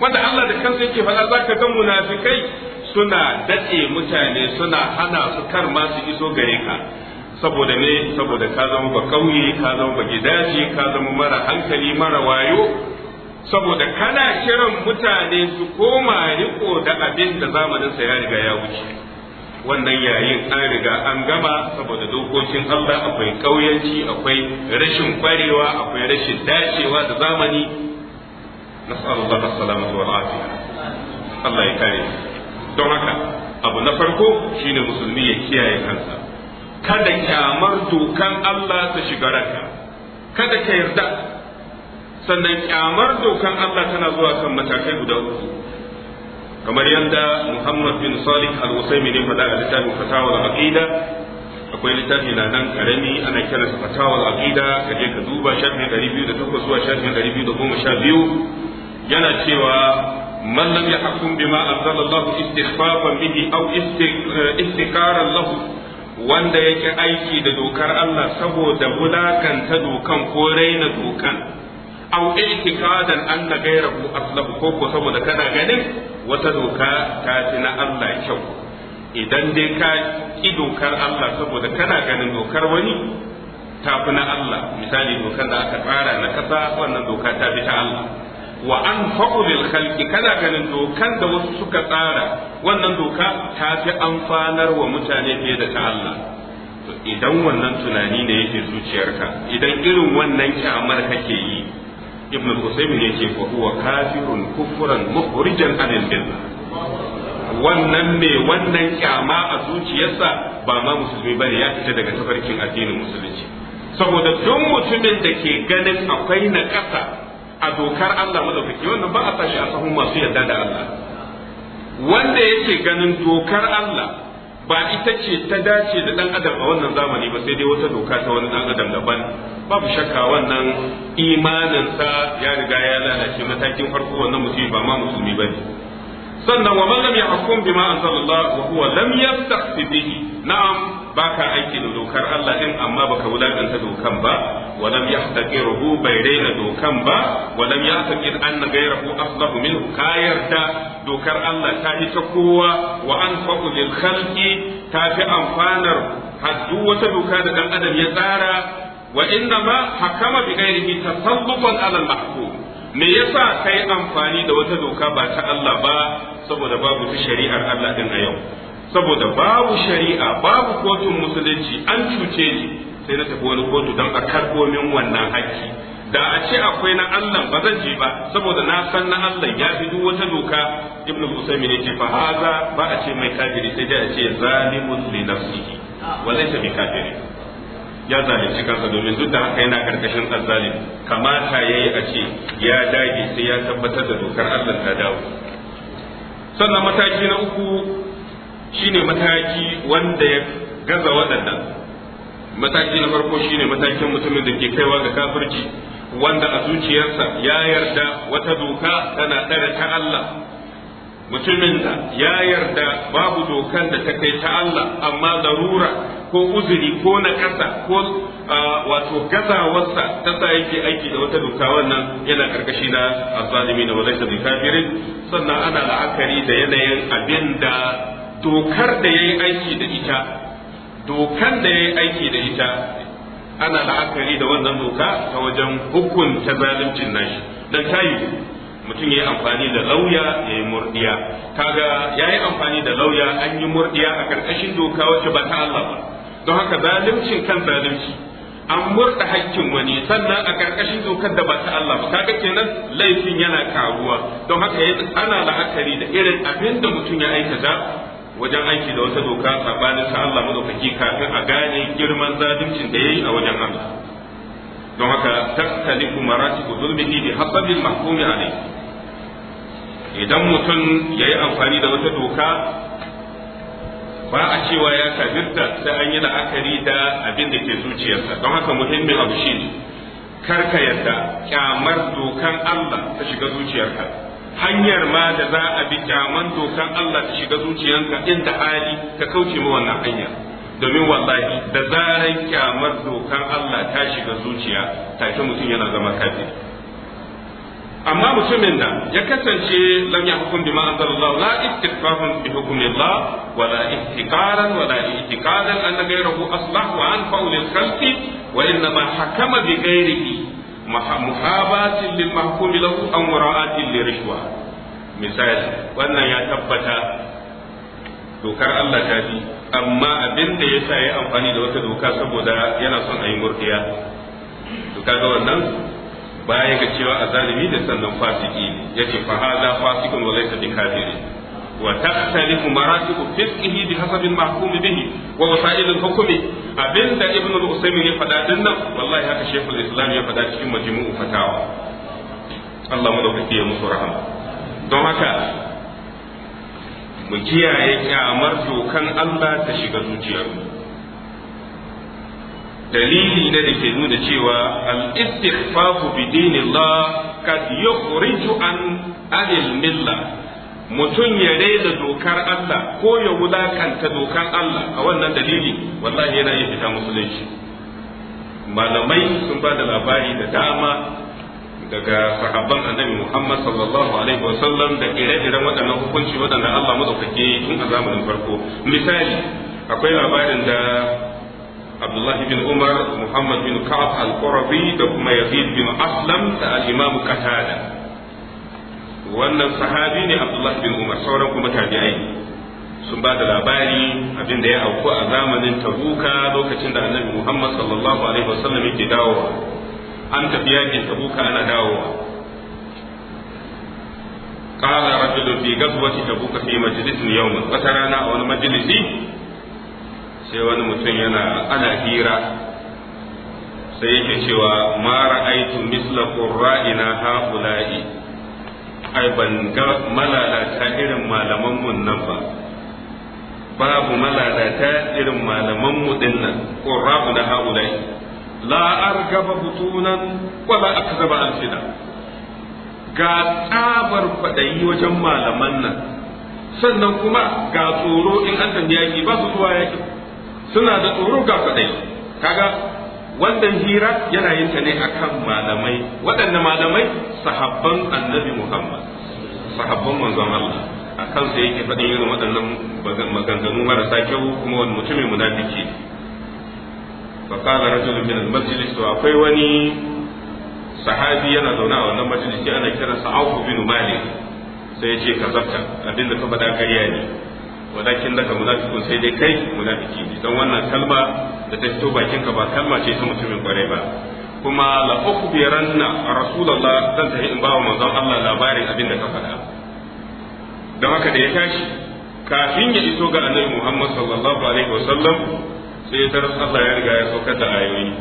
wanda Allah da kansa yake faɗa zaka ga munafikai suna daɗe mutane suna hana su kar ma su iso gare ka saboda ne saboda ka zama ba kauye ka zama ba gidaje ka zama mara hankali mara wayo saboda kana kiran mutane su koma riko da abin da sa ya riga ya wuce wannan yayin an riga an gama saboda dokokin Allah akwai kauyanci akwai rashin kwarewa akwai rashin dacewa da zamani nas'alullah as-salamatu wal afiya Allah ya kare don haka abu na farko shine musulmi ya kiyaye kansa kada kyamar dokan Allah ta shiga ranka kada ka yarda sannan kyamar dokan Allah tana zuwa kan matakai guda uku kamar yadda Muhammad bin Salih al-Usaymin ya faɗa a littafin Fatawar Aqida akwai littafi na nan karami ana kiransa Fatawar Aqida ka je ka duba shafin 208 zuwa shafin 212 yana cewa من لم يحكم بما أنزل الله استخفافا به أو استقارا له wanda yake aiki da dokar Allah saboda wulakanta dokan ko raina dokan aw i'tiqadan anna ghayrahu aslabu ko ko saboda kana ganin wata doka ta ci na Allah kyau idan dai ka ki dokar Allah saboda kana ganin dokar wani tafi na Allah misali dokar da aka tsara na kasa wannan doka ta fi ta Allah wa an fa'ulil khalqi kana ganin dokan da wasu suka tsara wannan doka ta fi amfanar wa mutane fiye da ta Allah to idan wannan tunani ne yake zuciyarka idan irin wannan kyamar kake yi ibnu ne yake fa huwa kafirun kufran mukhrijan anil millah wannan mai wannan kyama a zuciyarsa ba ma musulmi bane ya fita daga tafarkin addinin musulunci saboda duk mutumin da ke ganin akwai na ƙasa a dokar Allah madaukaki wannan ba a sashi a sahun masu yarda da Allah wanda yake ganin dokar Allah ba ita ce ta dace da dan adam a wannan zamani ba sai dai wata doka ta wani dan adam daban babu shakka wannan imaninsa ya riga ya lalace matakin farko wannan mutum ba ma musulmi bane sannan wa man lam yahkum bima anzalallahu wa huwa lam yastahfi bihi na'am ba ka aiki da dokar Allah din amma baka wulakanta dokan ba walam yahtaqiruhu bai raina dokan ba walam yahtaqir anna ghayrahu afdahu minhu ka yarda dokar Allah ta fi ta kowa wa faɗu lil khalqi ta fi amfanar haddu wata doka da dan adam ya tsara wa inna ma hakama bi ghairihi tasalluqan ala al me yasa kai amfani da wata doka ba ta Allah ba saboda babu ta shari'ar Allah din a yau saboda babu shari'a babu kotun musulunci an cuce ni sai na tafi wani kotu don a karɓo min wannan hakki da a ce akwai na Allah ba zan je ba saboda na san na Allah ya fi duk wata doka ibnu usaymi ne ce fa ba a ce mai kafiri sai dai a ce zalimun li nafsihi wa sai mai kafiri ya zalunci kansa domin duk da haka yana karkashin azzalim kamata yayi a ce ya dage sai ya tabbatar da dokar Allah ta dawo sannan mataki na uku shine mataki wanda ya gaza waɗannan mataki na farko shine matakin mutumin da ke kaiwa ga kafirci wanda a zuciyarsa ya yarda wata doka tana tsare ta Allah mutumin da ya yarda babu dokan da ta kai ta Allah amma larura ko uzuri ko na ƙasa ko wato gazawarsa ta sa yake aiki da wata doka wannan yana karkashi na azalimi na walaita bi kafirin sannan ana la'akari da yanayin abin da dokar da ya yi aiki da ita dokan da ya yi aiki da ita ana la'akari da wannan doka ta wajen hukunta zaluncin nashi don tayi mutum ya yi amfani da lauya ya yi murdiya kaga ya yi amfani da lauya an yi murdiya a karkashin doka wacce ba ta Allah ba don haka zaluncin kan zalunci an murda hakkin wani sannan a karkashin dokar da ba ta Allah ba kaga kenan laifin yana karuwa don haka ana la'akari da irin abin da mutum ya aikata wajen aiki da wata doka sabanin sa Allah madaukaki kafin a gane girman zaluncin da yayi a wajen Allah don haka taktalifu maratibu zulmihi bi hasabi mahkumi alayhi idan mutum yayi amfani da wata doka ba a cewa ya kafirta sai an yi la'akari da abin da ke zuciyarsa don haka muhimmin abu kar ka yarda kyamar dokan Allah ta shiga zuciyarka hanyar ma da za a bi kyaman dokan Allah ta shiga zuciyanka inda hali ka kauce ma wannan hanya domin wallahi da zaran kyamar dokan Allah ta shiga zuciya take mutum yana zama kafiri amma mutumin da ya kasance lam yahkum bima anzalallahu la istighfarun bi hukmillah wa la ihtiqaran wa la ihtiqadan anna ghayrahu aslah wa anfa'u lil khalqi wa ma hakama bi ghayrihi muhabatin lil mahkumi lahu an wara'atin rishwa misali wannan ya tabbata dokar Allah ta bi amma abin da yasa ya amfani da wata doka saboda yana son a yi murdiya to kaga wannan baya ga cewa azalimi da sannan fasiki yake yace fa hada fasikun wa laysa وتختلف مراتب فقهه بحسب المحكوم به ووسائل الحكم abinda ibn ya faɗa din nan haka shekul islam ya faɗa cikin majmu'u fatawa Allah mu dauke ya musu rahama don haka mu kiyaye kyamar dokan Allah ta shiga zuciyarmu dalili na da ke nuna cewa al-istighfafu bi dinillah an anil mutum ya raina dokar Allah ko ya wulakanta dokar Allah a wannan dalili wallahi yana yin fita musulunci malamai sun ba da labari da dama daga sahabban annabi Muhammad sallallahu alaihi wa sallam da ire-iren waɗannan hukunci waɗanda Allah madaukake tun a zamanin farko misali akwai labarin da Abdullahi bin Umar Muhammad bin Ka'ab al-Qurabi da kuma Yazid bin Aslam da al-Imam Qatada wannan sahabi ne abdullah bin umar sauran kuma tabi'ai sun ba da labari abin da ya auku a zamanin tabuka lokacin da annabi muhammad sallallahu alaihi wasallam yake dawowa an tafi yakin tabuka ana dawowa قال رجل في غزوة تبوك في مجلس rana وترانا wani مجلس sai wani mutum yana ana hira sai yake cewa ma ra'aitu misla ra'ina haula'i ai ban ga malalata irin malaman nan ba babu malalata irin malaman mu din nan rabu na haulai la argaba butunan la akzaba alfida ga tsabar kwadayi wajen malaman nan sannan kuma ga tsoro in an tambaya yaki ba su zuwa yaki suna da tsoro ga kwadayi kaga wannan hira yana yin ta ne akan malamai waɗanne malamai sahabban annabi Muhammad sahabban manzon Allah a kansa yake faɗin irin waɗannan maganganu marasa kyau kuma wani mutumin munafiki min al-majlis المجلس akwai wani sahabi yana zauna a wannan majalisi ana kiransa Auf bin Malik sai ya ce ka zabta abinda ka faɗa ƙarya ne wadakin daga munafikun sai dai kai munafiki don wannan kalma da ta fito bakin ka ba kalma ce ta mutumin kwarai ba kuma la ukhbiranna rasulullah zan tafi in wa manzon Allah labarin abin da ka faɗa don haka da ya tashi kafin ya iso ga annabi Muhammad sallallahu alaihi wasallam sai ta Allah ya riga ya saukar da ayoyi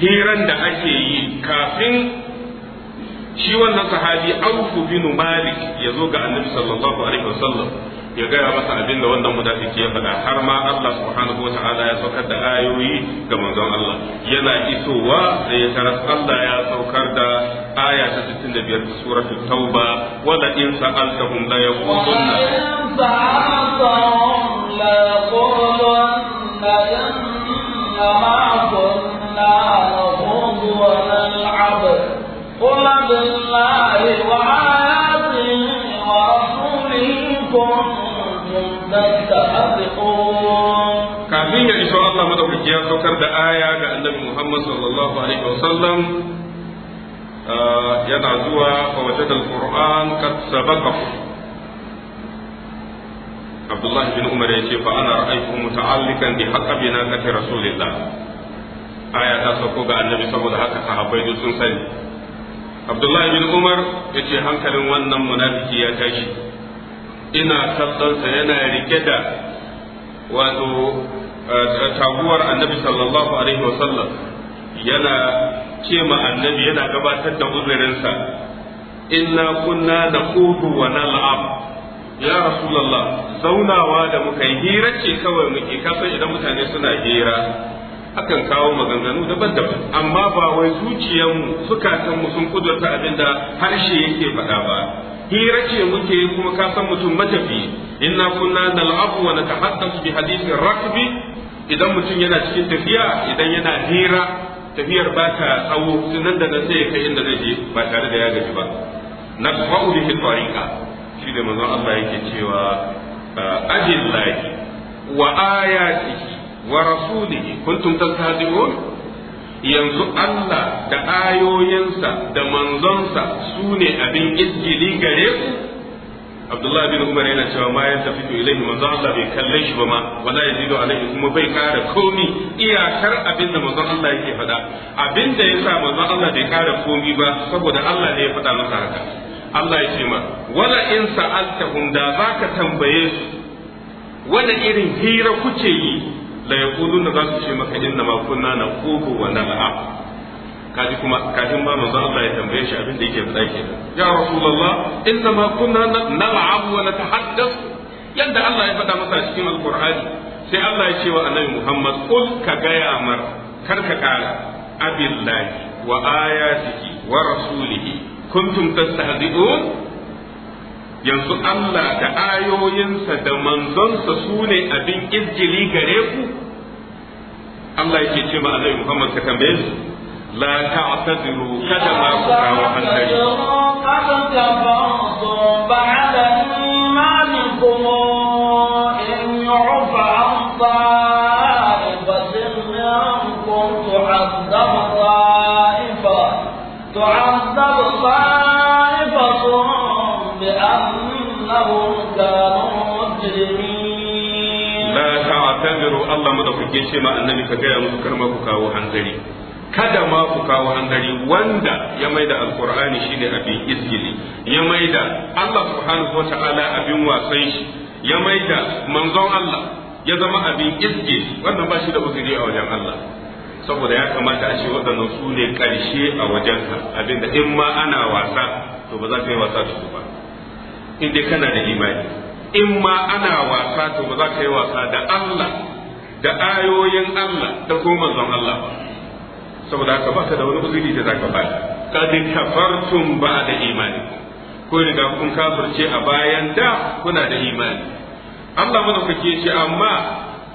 hiran da ake yi kafin shi wannan sahabi Auf bin Malik ya zo ga annabi sallallahu alaihi wasallam ya gaya masa abin da wannan munafiki ya faɗa har ma Allah subhanahu wata'ala ya saukar da ayoyi ga manzon Allah yana isowa da ya taras Allah ya saukar da aya ta 65 ta suratul tauba wala in sa'altahum la yaqulunna la yaqulunna inna kunna nahudu wa nal'ab قل بالله وآياته ورسوله كنتم kafin ya iso Allah madaukaki ya saukar da aya ga annabi Muhammad sallallahu alaihi wasallam eh, yana zuwa fa wajada alquran qad sabaqa Abdullah bin Umar ya ce fa ana ra'aytu muta'allikan bi haqqina kati rasulillah aya ta sauko ga annabi saboda haka sahabbai duk sun sani Abdullah bin Umar ya ce hankalin wannan munafiki ya tashi ina kallonsa yana rike da wato eh, taguwar annabi sallallahu alaihi wasallam yana ce ma annabi yana gabatar da uzurinsa inna kunna na kudu wa la'am. ya rasulallah zaunawa da muka yi hira ce kawai muke kasan idan mutane suna hira akan kawo maganganu daban-daban amma ba wai zuciyarmu sukatanmu sun kudurta abinda harshe yake faɗa ba hira ce muke yi kuma ka san mutum matafi inna kunna nal'abu wa natahaddathu bi hadithin rakbi idan mutum yana cikin tafiya idan yana hira tafiyar ba ta tsawo nan da nan sai ya kai inda zai je ba tare da ya gaji ba na fa'u bi tariqa shi da manzon Allah yake cewa ah, lahi wa ayati wa rasulihi kuntum tastahzi'un yanzu Allah da ayoyinsa da manzonsa su ne abin izgili gare su Abdullahi bin Umar yana cewa ma ya tafi to ilaihi manzon Allah bai kalle shi ba ma wala yazidu alaihi kuma bai kara komi iyakar abin da manzon Allah yake faɗa abin da yasa manzon Allah bai kara komi ba saboda Allah ne ya faɗa masa haka Allah ya ce ma wala in sa'altahum da zaka tambaye su wani irin hira kuke yi la yaquluna za su ce maka inna ma kunna naqubu wa nal'a kaji kuma kafin ma manzo Allah ya tambaye shi abin da yake faɗa ke ya rasulullah inna ma kunna nal'abu wa natahaddath yanda Allah ya faɗa masa cikin alqur'ani sai Allah ya ce wa annabi Muhammad qul ka gaya mar kar ka kara abillahi wa ayatihi wa rasulihi kuntum tastahzi'un yanzu Allah da ayoyinsa da manzonsa su ne abin izgili gare ku Allah yake ce ma Annabi Muhammad ka tambaye su la ta'tadiru kada ma ku kawo hankali تعذب طائفة تعذب طائفة أنهم كانوا مجرمين لا تعتذروا الله مدفكي شما أنني كجاء مكرمك كاو هنزلي kada ma ku kawo hanzari wanda ya maida alkur'ani shine abin izgili ya maida Allah subhanahu wata'ala abin wasan shi ya maida manzon Allah ya zama abin izgili wannan ba shi da uzuri a wajen Allah saboda ya kamata a ce waɗannan su ne karshe a wajenka abinda in ma ana wasa to ba za ka yi wasa da su ba in dai kana da imani in ma ana wasa to ba za ka yi wasa da Allah da ayoyin Allah da kuma manzon Allah saboda haka baka da wani uzuri da zaka bada kad kafartum da imani ko riga kun kafirce a bayan da kuna da imani Allah madaukake shi amma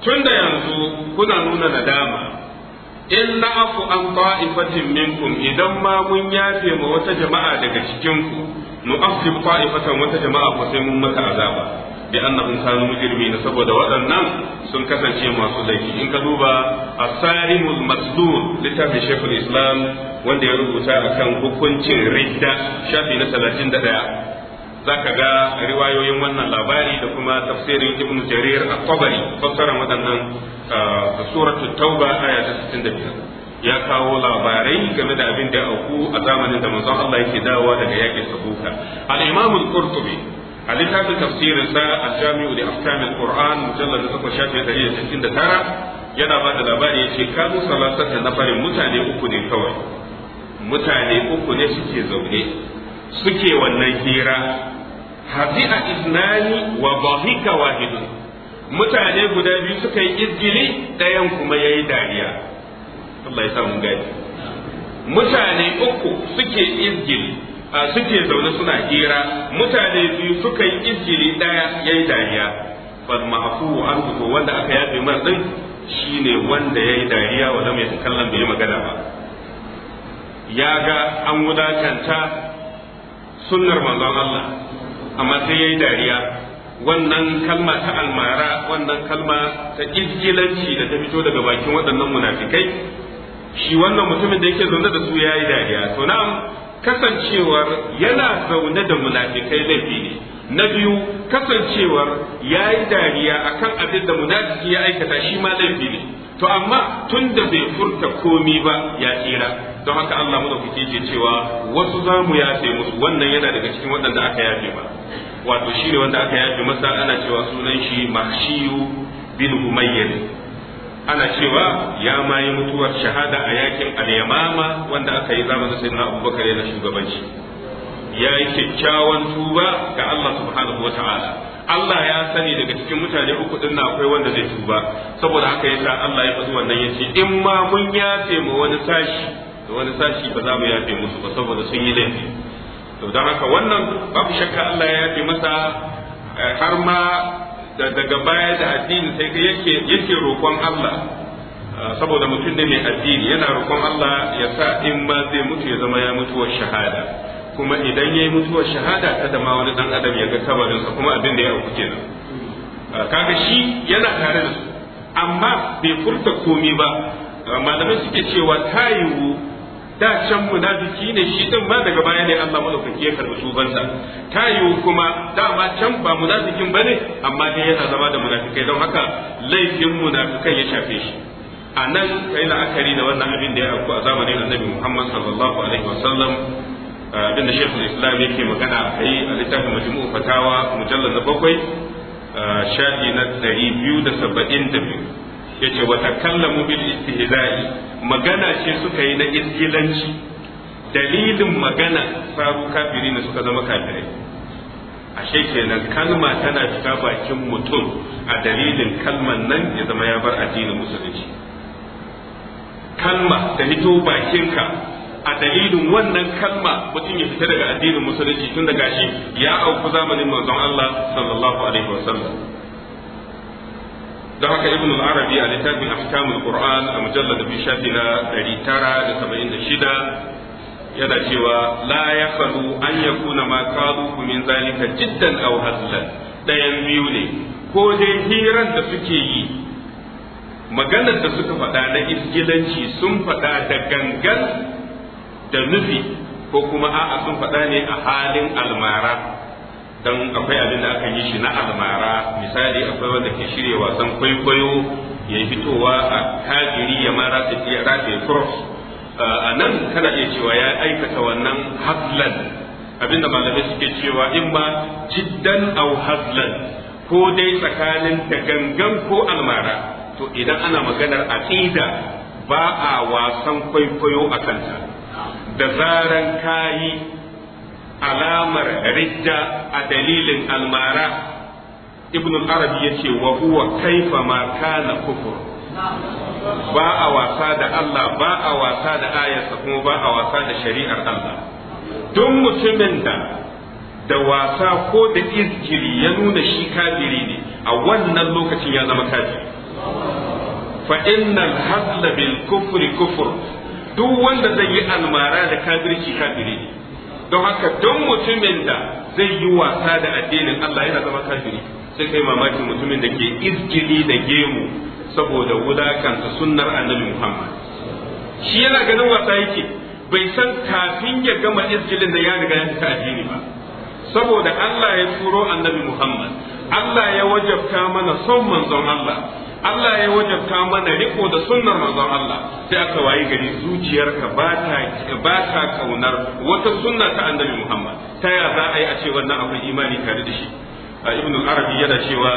tun da yanzu kuna nuna nadama in na afu an ta'ifatin minkum idan ma mun yafe ma wata jama'a daga cikin ku nu'azzib ta'ifatan wata jama'a ko sai mun mata azaba bi annahum kanu mujrimina saboda waɗannan sun kasance masu laifi in ka duba asarimul masdur littafin shaykhul islam wanda ya rubuta kan hukuncin ridda shafi na 31 zaka ga riwayoyin wannan labari da kuma tafsirin ibnu jarir at-tabari fassara waɗannan suratul tauba aya ta 65 ya kawo labarai game da abin da auku a zamanin da manzon Allah yake dawowa daga yakin Tabuka al-Imam al-Qurtubi a littafin tafsirin sa a jamiu li Ahkam al-Qur'an mujallad 69 yana ba da labari yace kanu da nafarin mutane uku ne kawai mutane uku ne suke zaune suke wannan hira hafi'a islami wa dhahika wahidun mutane guda biyu suka yi izgili ɗayan kuma yayi dariya Allah ya sa mun gani mutane uku suke izgili a suke zaune suna hira mutane biyu suka yi izgili daya yayi dariya fa ma'fu anhu wanda aka yafe mar din shine wanda yayi dariya wanda mai kallon bai magana ba ya ga an wadatanta sunnar manzon Allah amma sai yayi dariya wannan kalma ta almara wannan kalma ta izgilanci da ta fito daga bakin waɗannan munafikai shi wannan mutumin da yake zaune da su ya yi dariya to na'am kasancewar yana zaune da munafikai laifi ne na biyu kasancewar ya yi dariya akan abin da munafiki ya aikata shi ma laifi ne to amma tun da bai furta komi ba ya tsira don haka Allah madaukake ke cewa wasu za mu yafe musu wannan yana daga cikin waɗanda aka yafe ba wato shi ne wanda aka yafe masa ana cewa sunan shi mahshiyu bin umayyah ana cewa ya ma yi mutuwar shahada a yakin al wanda aka yi zamanin sayyidina abubakar yana shugabanci ya yi kyakkyawan tuba ga Allah subhanahu wa ta'ala Allah ya sani daga cikin mutane uku din na akwai wanda zai tuba saboda haka yasa Allah ya faɗi wannan yace in ma mun yafe mu wani sashi da wani sashi ba za mu yafe musu ba saboda sun yi laifi to dan haka wannan babu shakka Allah ya yafe masa eh, har ma da daga baya da addini sai ka yake yake roƙon Allah ah, saboda mutum da mai addini yana roƙon Allah ya sa in ma zai mutu ya zama ya mutuwar shahada kuma idan ya yi mutuwar shahada da ma wani dan adam ya ga kabarinsa kuma abin da ya auku kenan ah, kaga shi yana tare da su amma bai furta komi ba ah, malamai suke cewa ta yiwu da can munafiki ne shi din ma daga baya ne Allah madaukaki ya karbi tubansa ta yiwu kuma dama can ba munafikin bane amma dai yana zama da munafikai don haka laifin munafikai ya shafe shi a nan kai la'akari da wannan abin da ya auku a zamanin annabi Muhammad sallallahu alaihi wasallam abin da Sheikhul Islam yake magana kai a littafin Majmu'u Fatawa mujallar na bakwai shafi na 272 yace wa takallamu bil istihza'i magana ce suka yi na iskilanci dalilin magana sabu kafiri ne suka zama kafirai ashe kenan kalma tana fita bakin mutum a dalilin kalman nan ya zama ya bar addinin musulunci kalma da hito bakinka a dalilin wannan kalma mutum ya fita daga addinin musulunci tun daga shi ya auku zamanin manzon Allah sallallahu alaihi wasallam don haka ibn al-arabi a littafin ahkamul qur'an a mujallad bi shafi na 976 yana cewa la yakhlu an yakuna ma qaduhu min zalika jiddan aw haslan dayan biyu ne ko dai hiran da suke yi maganar da suka faɗa na isgilanci sun faɗa da gangan da nufi ko kuma a'a sun faɗa ne a halin almara don akwai abin da aka yi shi na almara misali akwai wanda ke shirya wasan kwaikwayo ya yi fitowa a kagiri ya ma rafe cross a nan kana iya cewa ya aikata wannan hazlan abinda malamai suke cewa in ba jiddan au hazlan ko dai tsakanin da gangan ko almara to idan ana maganar aqida ba a wasan kwaikwayo a kanta da zaran kayi alamar ridda a dalilin almara ibn al-arabi yace wa huwa kaifa ma kana kufur ba a wasa da Allah ba a wasa da ayarsa kuma ba a wasa da shari'ar Allah duk mutumin da da wasa ko da izgiri ya nuna shi kafiri ne a wannan lokacin ya zama kafiri fa innal hasla bil kufri kufur duk wanda zai yi almara da kafirci kafiri ne don haka don mutumin da zai yi wasa da addinin Allah yana zama kafiri sai kai mamaki mutumin da ke izgili da gemu saboda wulakanta sunnar annabi Muhammad shi yana ganin wasa yake bai san kafin ya gama izgilin da ya riga ya fita addini ba saboda Allah ya turo annabi Muhammad Allah ya wajabta mana son manzon Allah Allah ya wajabta mana riko da sunnar manzon Allah sai aka wayi gari zuciyarka ba ta ba ta kaunar wata sunna ta annabi Muhammad ta ya za a yi a ce wannan akwai imani tare da shi ibn arabi yana cewa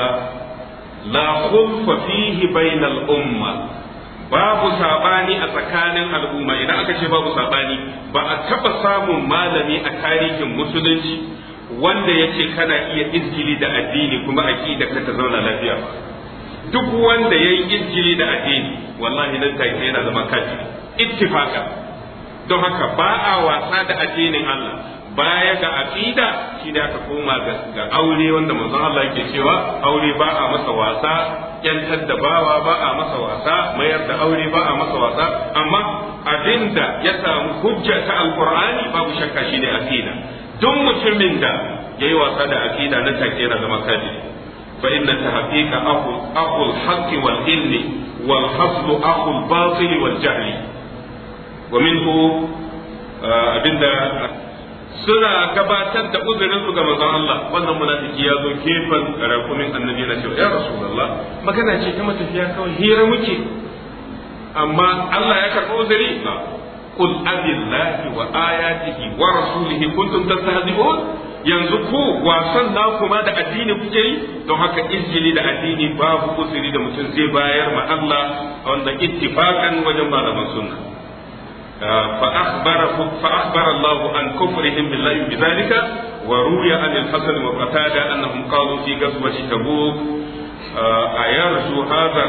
la khulfa fihi bainal umma babu sabani a tsakanin al'umma idan aka ce babu sabani ba a taba samun malami a tarihin musulunci wanda yace ce kana iya izgili da addini kuma akida ka ta zauna lafiya ba duk wanda ya yi injili da addini wallahi nan take yana zama kafi ittifaka don haka ba a wasa da addinin Allah baya ga aqida shi da aka koma ga aure wanda manzon Allah yake cewa aure ba a masa wasa yantar da bawa ba a masa wasa mayar da aure ba a masa wasa amma abinda ya samu hujja ta alqur'ani babu shakka shi shine aqida duk mutumin da yayi wasa da aqida na take yana zama kafiri فإن تحقيق أخو أخو الحق والإن والحصل أخو الباطل والجهل ومنه أبن suna gabatar da uzurin su ga manzon Allah wannan munafiki ya zo gefen rakumin annabi na cewa ya rasulullah magana ce ta matafiya kawai hira muke amma Allah ya karɓi uzuri qul abillahi wa ayatihi wa rasulihi kuntum yanzu ku wasan na kuma da addini kuke yi don haka izini da addini babu usiri da mutum zai bayar ma Allah wanda ittifaqan wajen malaman sunna فأخبر an عن كفرهم wa بذلك وروي عن الحسن وقتادة أنهم قالوا في غزوة تبوك أيرجو هذا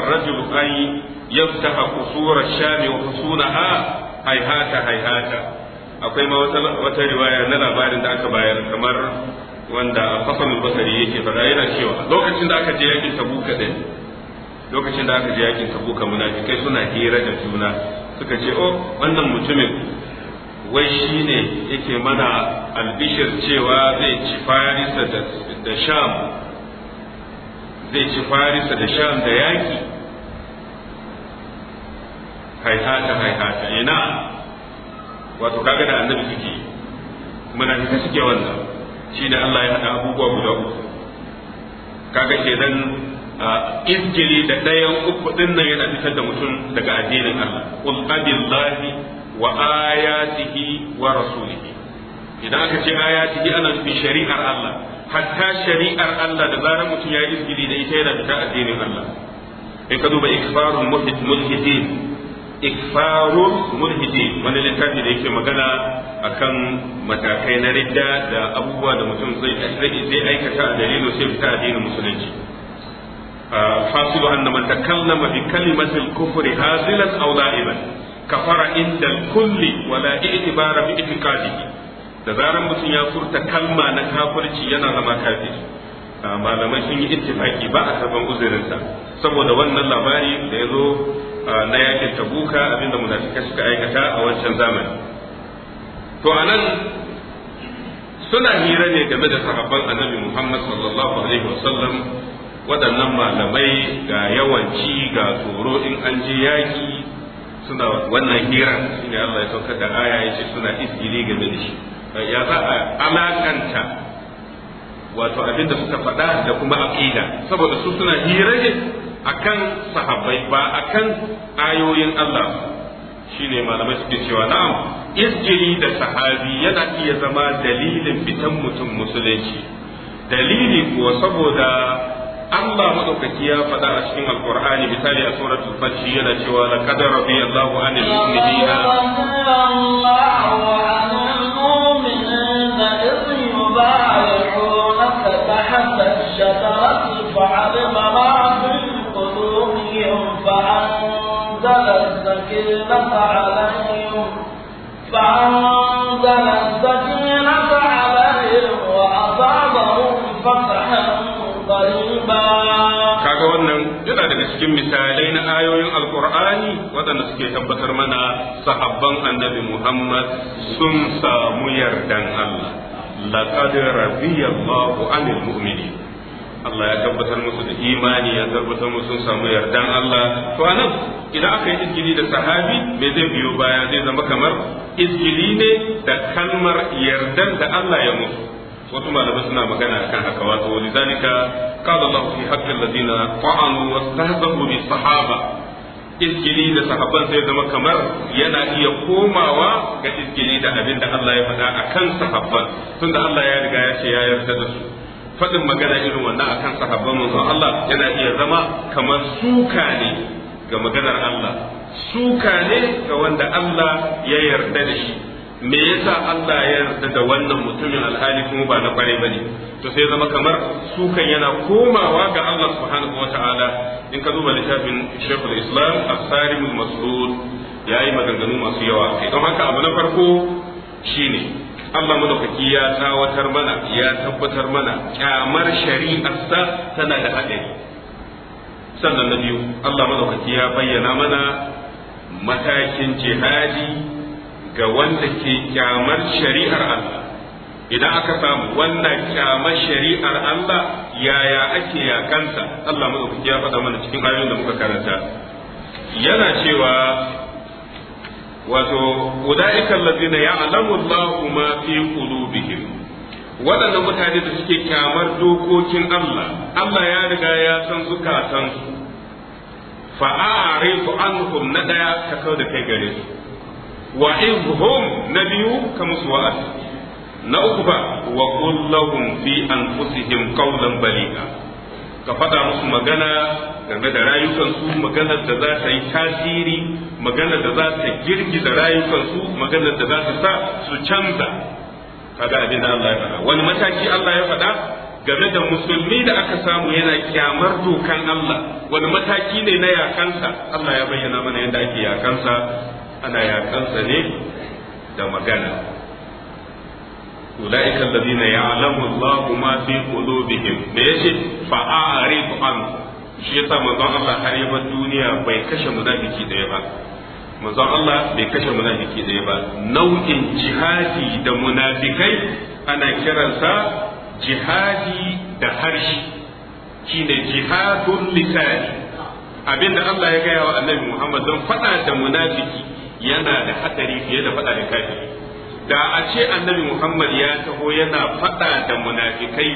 haihata haihata akwai ma wata riwaya na labarin da aka bayar kamar wanda Hassan Basari yake fara yana cewa lokacin da aka je yakin Tabuka din lokacin da aka je yakin Tabuka munafikai suna hira da juna suka ce oh wannan mutumin wai shi ne yake mana albishir cewa zai ci farisa da sham zai ci farisa da sham da yaki haihata haihata ina wato kaga da annabi suke muna ta suke wannan shi da Allah ya hada abubuwa guda uku kaga dan izgili da ɗayan uku din nan yana fitar da mutum daga addinin Allah qul abillahi wa ayatihi wa rasulihi idan aka ce ayatihi ana fi shari'ar Allah hatta shari'ar Allah da zaran mutum ya izgili da ita yana fita addinin Allah in ka duba ikbarul mulhidin ikfaru mulhidi wani littafi da yake magana akan matakai na ridda da abubuwa da mutum zai aikata a dalilu sai fita addinin musulunci fasilu anna man takallama bi kalimatil kufri hazilan aw da'iban kafara inda kulli wala i'tibara bi itiqadihi da zaran mutum ya furta kalma na kafirci yana zama kafiri malamai sun yi ittifaki ba a karban uzurinsa saboda wannan labari da ya zo na yakin tabuka abinda munafika suka aikata a wancan zamani to anan suna hira ne game da sahabban annabi Muhammad sallallahu alaihi wasallam waɗannan malamai ga yawanci ga tsoro in an je yaki suna wannan hira shine Allah ya sauka da aya ce suna isgili game da shi ya za a alakanta wato abinda suka faɗa da kuma aƙida saboda su suna hira ne akan sahabbai ba akan ayoyin Allah shine malamai suke cewa na'am izgiri da sahabi yana iya zama dalilin fitan mutum musulunci dalili kuwa saboda Allah madaukaki ya faɗa a cikin alkur'ani misali a suratul fath yana cewa laqad radiyallahu anil mu'minina فعلم السكينة عليهم فأنزل السكينة kaga wannan yana daga cikin misalai na ayoyin alkur'ani waɗanda suke tabbatar mana sahabban annabi muhammad sun samu yardan allah laqad radiyallahu anil mu'minin Allah ya tabbatar musu da imani ya tabbatar musu sun samu yardan Allah to anan idan aka yi izgili da sahabi me zai biyo baya zai zama kamar izgili ne da kalmar yardan da Allah ya musu wasu malamai suna magana akan haka wato lidhalika qala Allah fi haqqi alladhina ta'anu wastahzabu bi sahaba izgili da sahabban sai zama kamar yana iya komawa ga izgili da abin da Allah ya faɗa akan sahabban tunda Allah ya riga ya ce ya yarda da su faɗin magana irin wannan akan sahabban manzon Allah yana iya zama kamar suka ne ga maganar Allah suka ne ga wanda Allah ya yarda da shi me yasa Allah ya yarda da wannan mutumin alhali kuma ba na kware bane to sai zama kamar sukan yana komawa ga Allah subhanahu wataala in ka duba littafin Sheikhul Islam As-Sarimul Mas'ud yayi maganganu masu yawa kai don haka abu na farko shine Allah madaukaki ya tawatar mana ya tabbatar mana kyamar shari'arsa tana da haɗari sannan na biyu Allah madaukaki ya bayyana mana matakin jihadi ga wanda ke kyamar shari'ar Allah idan aka samu wannan kyamar shari'ar Allah yaya ake yakansa Allah madaukaki ya faɗa mana cikin ayoyin da muka karanta yana cewa wato ulaika allazina ya'lamu Allahu ma fi qulubihim waɗannan mutane da suke kyamar dokokin Allah Allah ya riga ya san zukatansu fa a'rifu anhum na ɗaya ka kau da kai gare su wa izhum na biyu ka wa'azi na uku ba wa qul lahum fi anfusihim qawlan baliga ka faɗa musu magana game da rayukansu maganar da za ta yi tasiri magana da za ta girgiza rayukansu maganar da za ta sa su canza kaga abin da Allah ya faɗa wani mataki Allah ya faɗa game da musulmi da aka samu yana kyamar dokan Allah wani mataki ne na yakansa Allah ya bayyana mana yadda ake yakansa ana yakansa ne da magana ulaika alladhina ya'lamu Allahu ma fi qulubihim da yace fa a'rid an shi yasa manzon Allah har ya duniya bai kashe munafiki daya ba manzon Allah bai kashe munafiki daya ba nau'in jihadi da munafikai ana kiransa jihadi da harshe shine jihadul lisani Allah ya gaya wa Annabi Muhammad don fada da munafiki yana da hatsari fiye da fada da kafiri da a ce annabi Muhammad ya taho yana fada da munafikai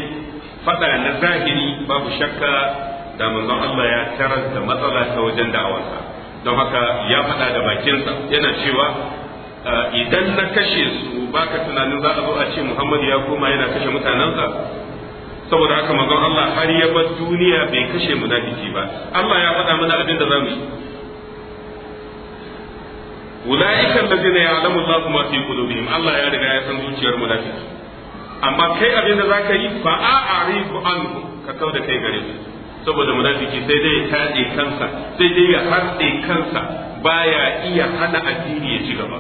fada na zahiri babu shakka da manzon Allah ya tarar da matsala ta wajen da'awarsa don haka ya fada da bakinsa yana cewa idan na kashe su baka tunanin za a zo a ce Muhammad ya koma yana kashe mutanensa saboda haka manzon Allah har ya bar duniya bai kashe munafiki ba Allah ya faɗa mana abin da zamu yi ulaika allazina ya'lamu Allahu ma fi qulubihim Allah ya riga ya san zuciyar munafiki amma kai abin da zaka yi fa a'ridu anhu ka kauda kai gare saboda munafiki sai dai ta tade kansa sai dai ya harde kansa baya iya hana addini ya ci gaba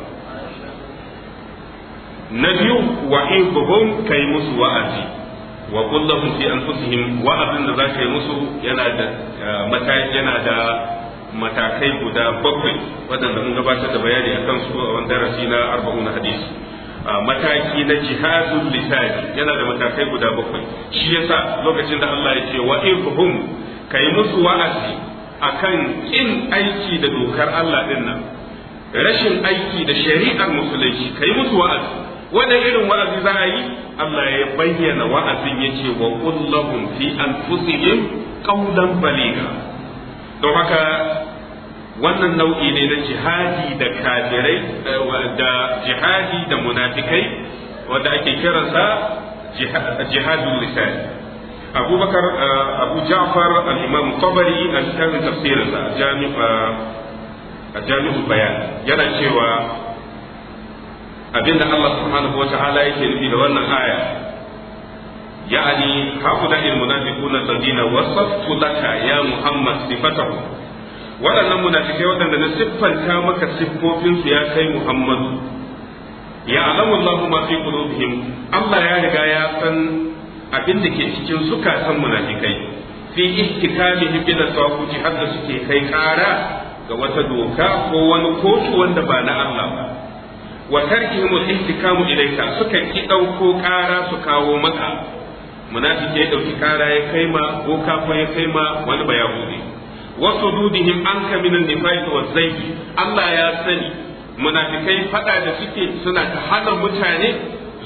na biyu wa'ibuhum kai musu wa'azi wa kullahum fi anfusihim wa'azin da zaka yi musu yana da eh, yana da matakai guda bakwai waɗanda mun gabatar da bayani a su a wani darasi na na hadis mataki na jihadun lisani yana da matakai guda bakwai shi yasa lokacin da Allah ya ce wa ifhum kai musu wa'azi akan kin aiki da dokar Allah din nan rashin aiki da shari'ar musulunci kai musu wa'azi wanda irin wa'azi za a yi Allah ya bayyana wa'azin yace wa kullahum fi anfusihim qawlan baliga don haka wannan nau'i ne na jihadi da kafirai eh, da jihadi da munafikai wanda ake kiransa jihadul lisan Abu Bakar eh, Abu Ja'far al-Imam Tabari a cikin tafsirinsa a eh, jami'ul bayan yana cewa abinda Allah subhanahu wata'ala yake nufi da wannan aya يعني هؤلاء المنافقون الذين وصفت لك يا محمد صفتهم waɗannan munafikai waɗanda na siffanta maka siffofinsu ya kai Muhammadu ya alamu Allah ma fi qulubihim Allah ya riga ya san abin da ke cikin zukatan munafikai fi ihtikamihim bil har hadda suke kai kara ga wata doka ko wani kotu wanda ba na Allah ba wa tarkihim ihtikamu ilayka suka ki dauko kara su kawo maka munafiki ya dauki kara ya kai ma ko kafa ya kai ma wani bayahudi wasu dudihim an ka minan nifaq wa zayyi Allah ya sani munafikai faɗa da suke suna ta hana mutane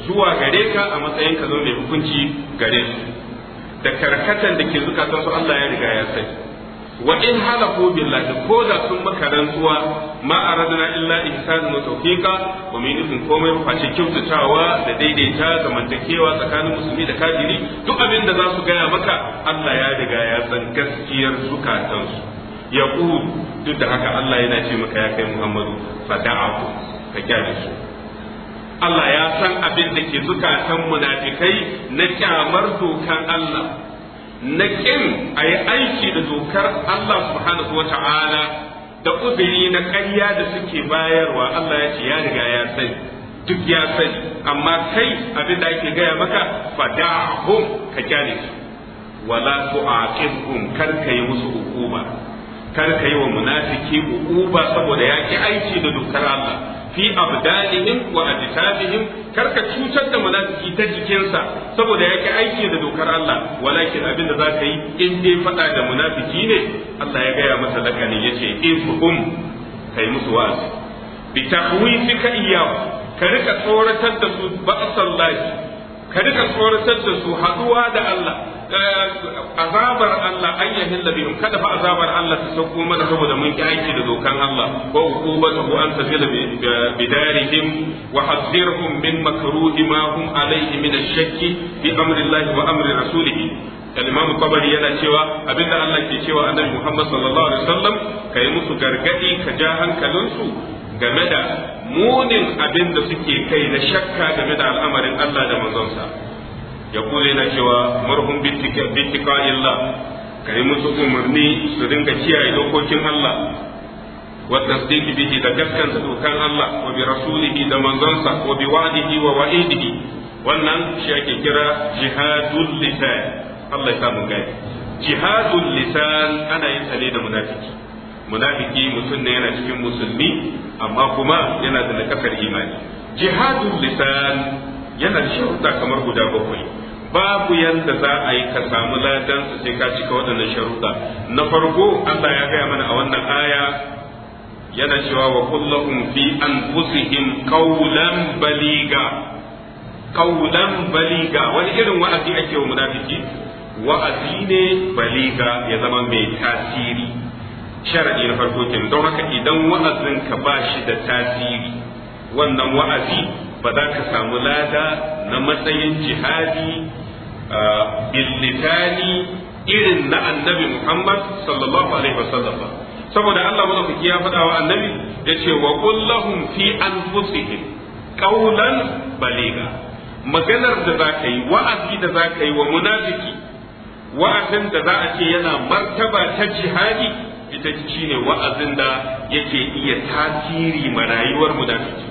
zuwa gare ka a matsayin ka zo mai hukunci gare su da karkatan da ke zukatansu Allah ya riga ya sani wa in halaku billahi ko da sun maka rantsuwa ma aradna illa ihsan wa tawfiqa wa min komai face kyautatawa da daidaita zamantakewa tsakanin musulmi da kafiri duk abin da za su gaya maka Allah ya riga ya san gaskiyar zukatansu ya duk da haka Allah yana ce maka ya kai Muhammadu fa ku ka kyale su Allah ya san abin da ke zukatan munafikai na kyamar dokan Allah na kin a yi aiki da dokar Allah subhanahu wa da uzuri na ƙarya da suke bayarwa Allah ya ce ya riga ya sani duk ya sani amma kai abin da ake gaya maka fada'hum ka kyale su wala tu'aqibhum kar ka yi musu hukuma kar ka yi wa munafiki hukuma saboda ya ƙi aiki da dokar Allah fi abdanihim wa kar karka cutar da munafiki ta jikinsa saboda yake aiki da dokar Allah walakin abin da zaka yi in dai fada da munafiki ne Allah ya gaya masa ne yace in hukum kai musu wa'azi bi tahwifika iyyahu ka rika tsoratar da su ba'sallahi ka rika tsoratar da su haduwa da Allah eh, azabar Allah an yi hin bihim kada fa azabar Allah ta sauko mana saboda mun ki aiki da dokan Allah wa uqubatuhu an tafila bidarihim wa hadirhum min makruhi ma hum alayhi min ash-shakki bi amri Allah wa amri rasulih al-imam qabari yana cewa abinda Allah ke cewa annabi Muhammad sallallahu alaihi wasallam kai musu gargadi ka ja hankalinsu game da munin abin da suke kai na shakka game da al'amarin Allah da manzonsa ya kule na cewa marhum bittika illa ka yi musu umarni su dinga kiyaye dokokin Allah wa tasdiqi bihi da gaskanta dokan Allah wa bi rasulihi da manzonsa wa bi wa'dihi wa wa'idihi wannan shi ake kira jihadul lisan Allah ya samu gani jihadul lisan ana yin sale da munafiki munafiki mutum ne yana cikin musulmi amma kuma yana da nakasar imani Jihadun lisan yana da sharuɗa kamar guda bakwai babu yadda za a yi ka samu ladan sai ka cika waɗannan sharuɗa na farko Allah ya gaya mana a wannan aya yana cewa wa kullahum fi anfusihim qawlan baliga qawlan baliga wani irin wa'azi ake wa munafiki wa'azi ne baliga ya zama mai tasiri sharadi na farko kenan don haka idan wa'azinka ba shi da tasiri wannan wa'azi ba za ka samu lada na matsayin jihadi billitani irin na annabi Muhammad sallallahu alaihi wasallam ba saboda Allah madaukaki ya faɗa wa annabi ya ce wa qul lahum fi anfusihim qawlan baliga maganar da za ka yi wa'azi da za ka yi wa munafiki wa'azin da za a ce yana martaba ta jihadi ita shine wa'azin da yake iya tasiri ma rayuwar munafiki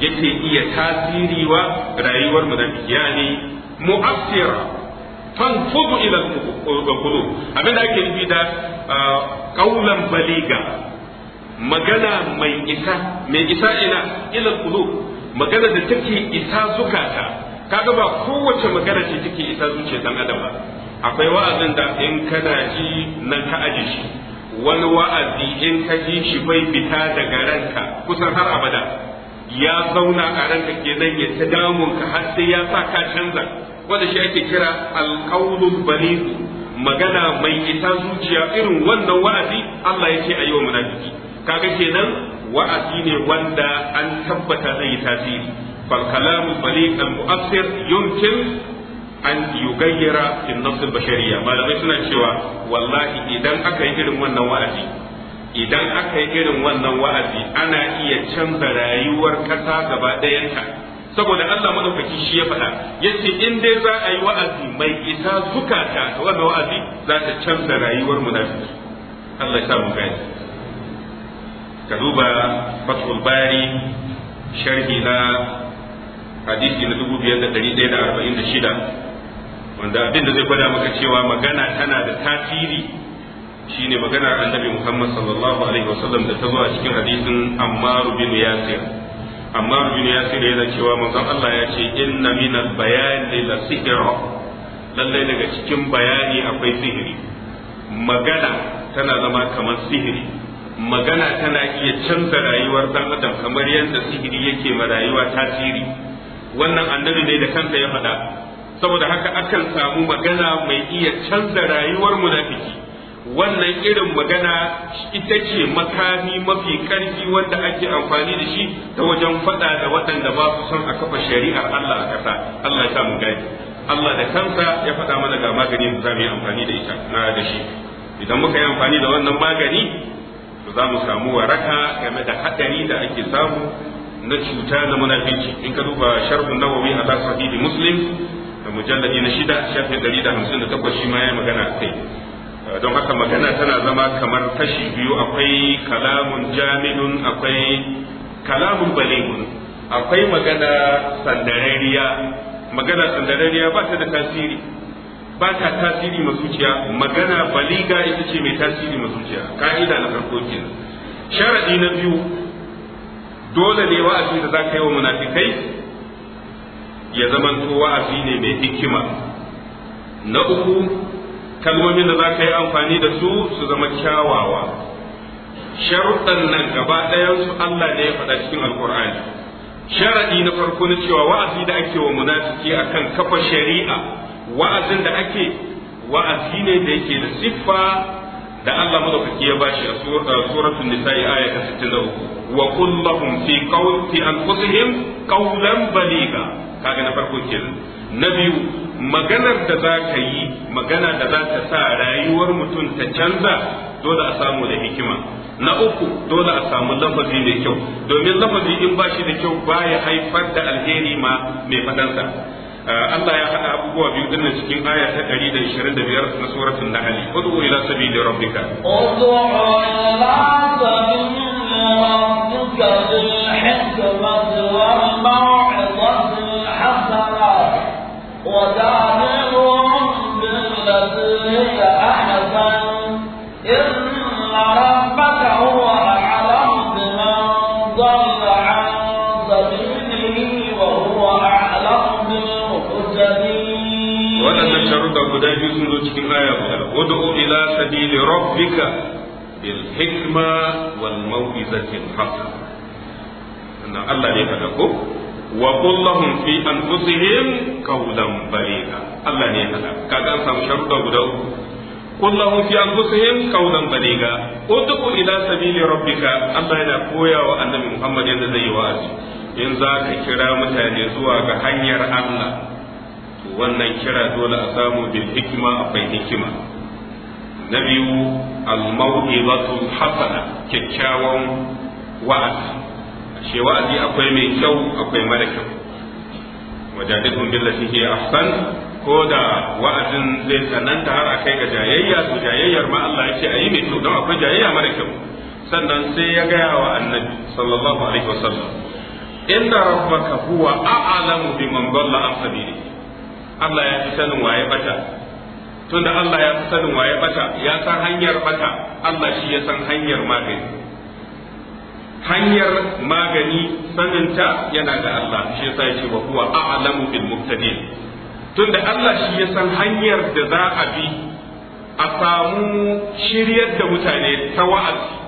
yake iya tasiri wa rayuwar ya ne mu'assira tanfudu ila al-qulub abinda ake nufi da qaulan baliga magana mai isa mai isa ina ila kudu magana da take isa zukata kaga ba kowace magana ce take isa zuciyar dan adam ba akwai wa'azin da in kana ji nan ka aje shi wani wa'azi in ka ji shi bai fita daga ranka kusan har abada ya zauna a ranka kenan ya ta damun ka har sai ya sa ka canza wanda shi ake kira alqaulul baliz magana mai ita zuciya irin wannan wa'azi Allah ya ce a wa munafiki kaga kenan wa'azi ne wanda an tabbata zai yi tasiri fal kalamul baliz al mu'assir yumkin an yugayyara fil nafs bashariya malamai suna cewa wallahi idan aka yi irin wannan wa'azi idan aka yi irin wannan wa'azi ana iya canza rayuwar kasa gaba ɗayanta saboda Allah madaukaki shi ya faɗa yace in dai za a yi wa'azi mai isa zukata ta wannan wa'azi za ta canza rayuwar munafiki Allah ya sa mu gani ka duba fatul bari sharhi na hadisi na 2146 wanda abin da zai gwada maka cewa magana tana da tasiri shine maganar annabi Muhammad sallallahu alaihi wasallam da ta zo a cikin hadisin Ammar bin Yasir Ammar bin Yasir yana cewa manzon Allah ya ce inna minal bayani la sihra lalle daga cikin bayani akwai sihiri magana tana zama kamar sihiri magana tana iya canza rayuwar dan adam kamar yadda sihiri yake ma rayuwa tasiri wannan annabi ne da kansa ya faɗa saboda haka akan samu magana mai iya canza rayuwar munafiki wannan irin magana ita ce makami mafi ƙarfi wanda ake amfani da shi ta wajen faɗa da waɗanda ba su son a kafa shari'ar Allah a ƙasa Allah ya samu gani Allah da kansa ya faɗa mana ga magani da za mu yi amfani da ita na da shi idan muka yi amfani da wannan magani to za mu samu waraka game da haɗari da ake samu na cuta na munafici in ka duba sharhun nawawi ala sahih muslim da mujalladi na shida shafin ɗari da hamsin da takwas shi ma ya magana a kai eh, don haka magana tana zama kamar kashi biyu akwai kalamun jami'un akwai kalamun baligun akwai magana sandarariya magana sandarariya ba ta da tasiri ba ta tasiri masuciya magana baliga ita ce mai tasiri masuciya ka'ida na farko kenan sharadi na biyu dole ne wa'azi da za ka yi wa munafikai ya zamanto wa'azi ne mai hikima na uku kalmomin da za ka yi amfani da su su zama kyawawa sharuɗan nan gaba ɗayan su Allah ne ya faɗa cikin alkur'ani sharaɗi na farko na cewa wa'azi da ake wa munafiki akan kafa shari'a wa'azin da ake wa'azi ne da yake da siffa da Allah madaukaki ya bashi a suratul nisa'i aya ta 63 wa qul lahum fi qawl anfusihim qawlan baliga kaga na farko kenan na biyu maganar da za ka yi magana da za ta sa rayuwar mutum ta canza dole a samu da hikima na uku dole a samu lafazi mai kyau domin lafazi in ba shi da kyau baya haifar da alheri ma mai fadansa Allah ya haɗa abubuwa biyu dinnan cikin aya ta 125 na suratul nahl ud'u ila sabili rabbika ud'u ila sabili rabbika bil hikmati wal maw'izati al hasana wa da'ihum bil ladhi ahsan inna rabbaka huwa sun zo cikin aya guda wad'u ila sabili rabbika bil hikma wal Allah ne ko wa qul lahum fi anfusihim qawlan Allah ne kaga an samu guda uku qul lahum fi anfusihim qawlan ila sabili rabbika Allah yana koya wa annabi Muhammad yadda zai yi wa'azi in za ka kira mutane zuwa ga hanyar Allah to wannan kira dole a samu bil hikima akwai hikima na biyu al-mau'izatu hasana kyakkyawan wa'azi ashe wa'azi akwai mai kyau akwai mara kyau wajadidun billati hi ahsan ko da wa'azin zai tsananta har akai ga jayayya to jayayyar ma Allah yake ayi mai kyau don akwai jayayya mara kyau sannan sai ya gaya wa annabi sallallahu alaihi wasallam inna rabbaka huwa a'lamu biman dalla an sabili Allah ya fi sanin waye bata tunda Allah ya fi sanin waye bata ya san hanyar bata Allah shi ya san hanyar magani hanyar magani saninta yana da Allah shi yasa ya ce wa huwa a'lamu bil muhtadin tunda Allah shi ya san hanyar da za a bi a samu shiryar da mutane ta wa'azi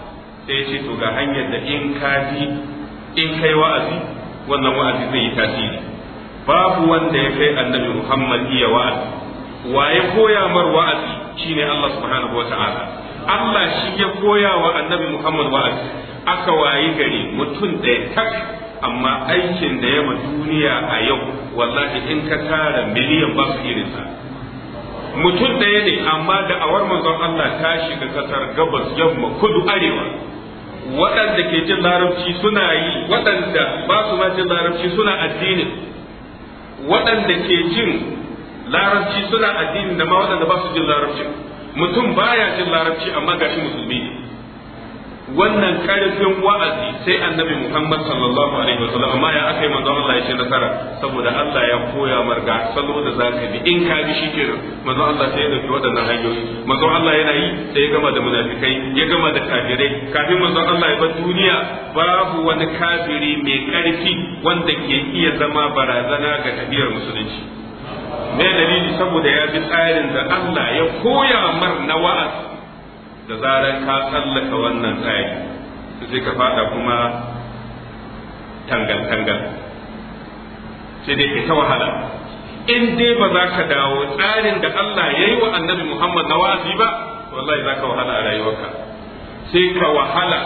sai ya ce to ga hanyar da in ka in kai wa'azi wannan wa'azi zai yi tasiri babu wanda ya kai annabi Muhammad iya wa'azi waye koya mar wa'azi shine Allah subhanahu wata'ala Allah shi ya koya wa annabi Muhammad wa'azi aka waye gari mutum ɗaya tak amma aikin da ya ma duniya a yau wallahi in ka tara miliyan ba su sa. mutum ɗaya ne amma da awar manzon Allah ta shiga kasar gabas yamma kudu arewa waɗanda ke jin larabci suna yi waɗanda ba su ma jin larabci suna addinin waɗanda ke jin larabci suna addinin da ma waɗanda ba su jin larabci mutum baya jin larabci amma gashi musulmi ne wannan karfin wa'azi sai annabi Muhammad sallallahu alaihi wasallam amma ya akai manzon Allah ya ce nasara saboda Allah ya koya marga salo da zaka bi in ka bi shikenan manzon Allah sai ya dauki wadannan hanyoyi manzon Allah yana yi sai ya gama da munafikai ya gama da kafirai kafin manzon Allah ya bar duniya babu wani kafiri mai karfi wanda ke iya zama barazana ga tabiyar musulunci me dalili saboda ya bi tsarin da Allah ya koya mar na wa'azi da zarar ka tsallaka wannan Su sai ka fada kuma tangal-tangal sai dai ita wahala in dai ba za ka dawo tsarin da Allah ya yi wa annabi Muhammad na wa'azi ba wallahi za ka wahala a rayuwarka sai ka wahala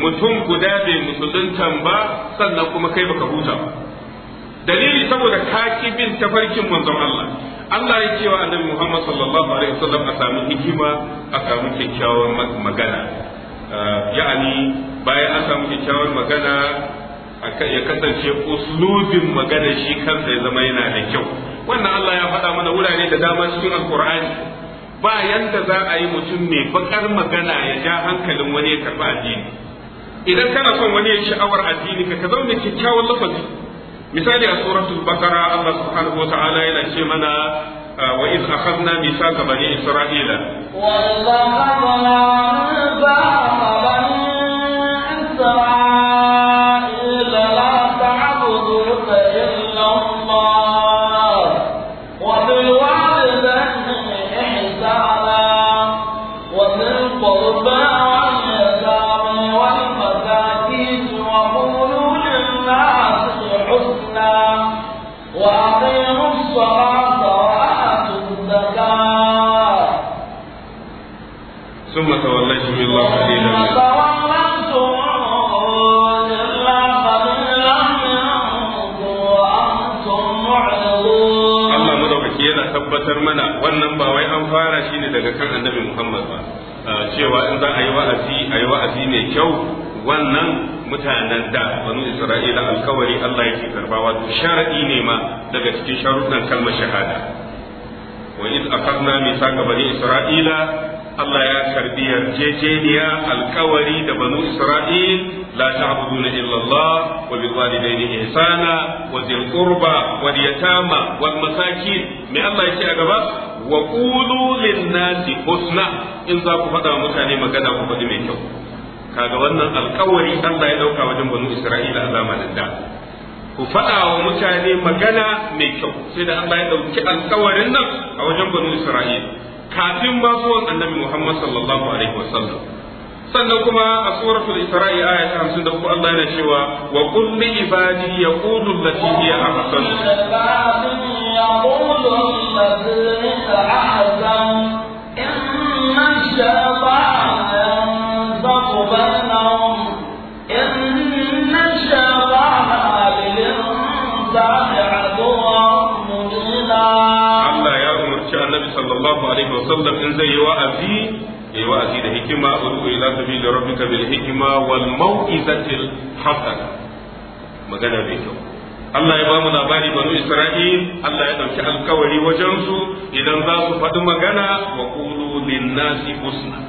mutum guda bai musuluntan ba sannan kuma kai baka huta dalili saboda ka bin tafarkin manzon Allah Allah ya cewa annabi Muhammad sallallahu alaihi wasallam a samu hikima a samu kyakkyawar magana ah, ya'ani bayan an samu kyakkyawar magana ya kasance uslubin magana shi kansa ya zama yana da kyau wannan Allah ya faɗa mana wurare da dama cikin Al-Qur'ani ba yanda za a yi mutum mai bakar magana ya ja hankalin wani ya karɓi addini idan kana son wani ya sha'awar addini ka ka zauna kyakkyawan lafazi misali a suratul bakara Allah subhanahu wa ta'ala yana ce mana wa iz akhadna mithaqa bani isra'ila wa Allah mana wannan ba wai an fara shi ne daga kan annabi Muhammad ba ah, cewa in za a yi wa'azi a yi wa'azi mai kyau wannan mutanen da banu Isra'ila alkawari Allah yake karba wato sharadi ne ma daga cikin sharuɗan kalmar shahada wa iz aqadna mithaqa bani Isra'ila Allah ya karbi yarjejeniya alkawari da banu Isra'il la ta'buduna illa Allah wa bil walidayni ihsana wa dhil qurba wal yatama wal masakin me Allah yake a gaba wa qulu lin nasi husna in za ku faɗa mutane magana ku faɗi mai kyau kaga wannan alkawari Allah ya dauka wajen banu Isra'ila a zamanin ku faɗawa mutane magana mai kyau sai da Allah ya ɗauki alkawarin nan a wajen banu Isra'ila kafin ba basuwan annabi Muhammad sallallahu alaihi wasallam sannan kuma a suratul isra'i aya ta 53 Allah yana cewa wa qul li ibadi yaqulu allati hiya ahsan yaqulu allati annabi sallallahu alaihi wasallam in zai yi wa'azi yayi wa'azi da hikima udu ila sabili rabbika bil hikma wal mau'izatil hasana magana mai kyau Allah ya bamu mu labari banu Isra'il Allah ya dauki alkawari wajen su idan za su faɗi magana wa qulu lin nasi husna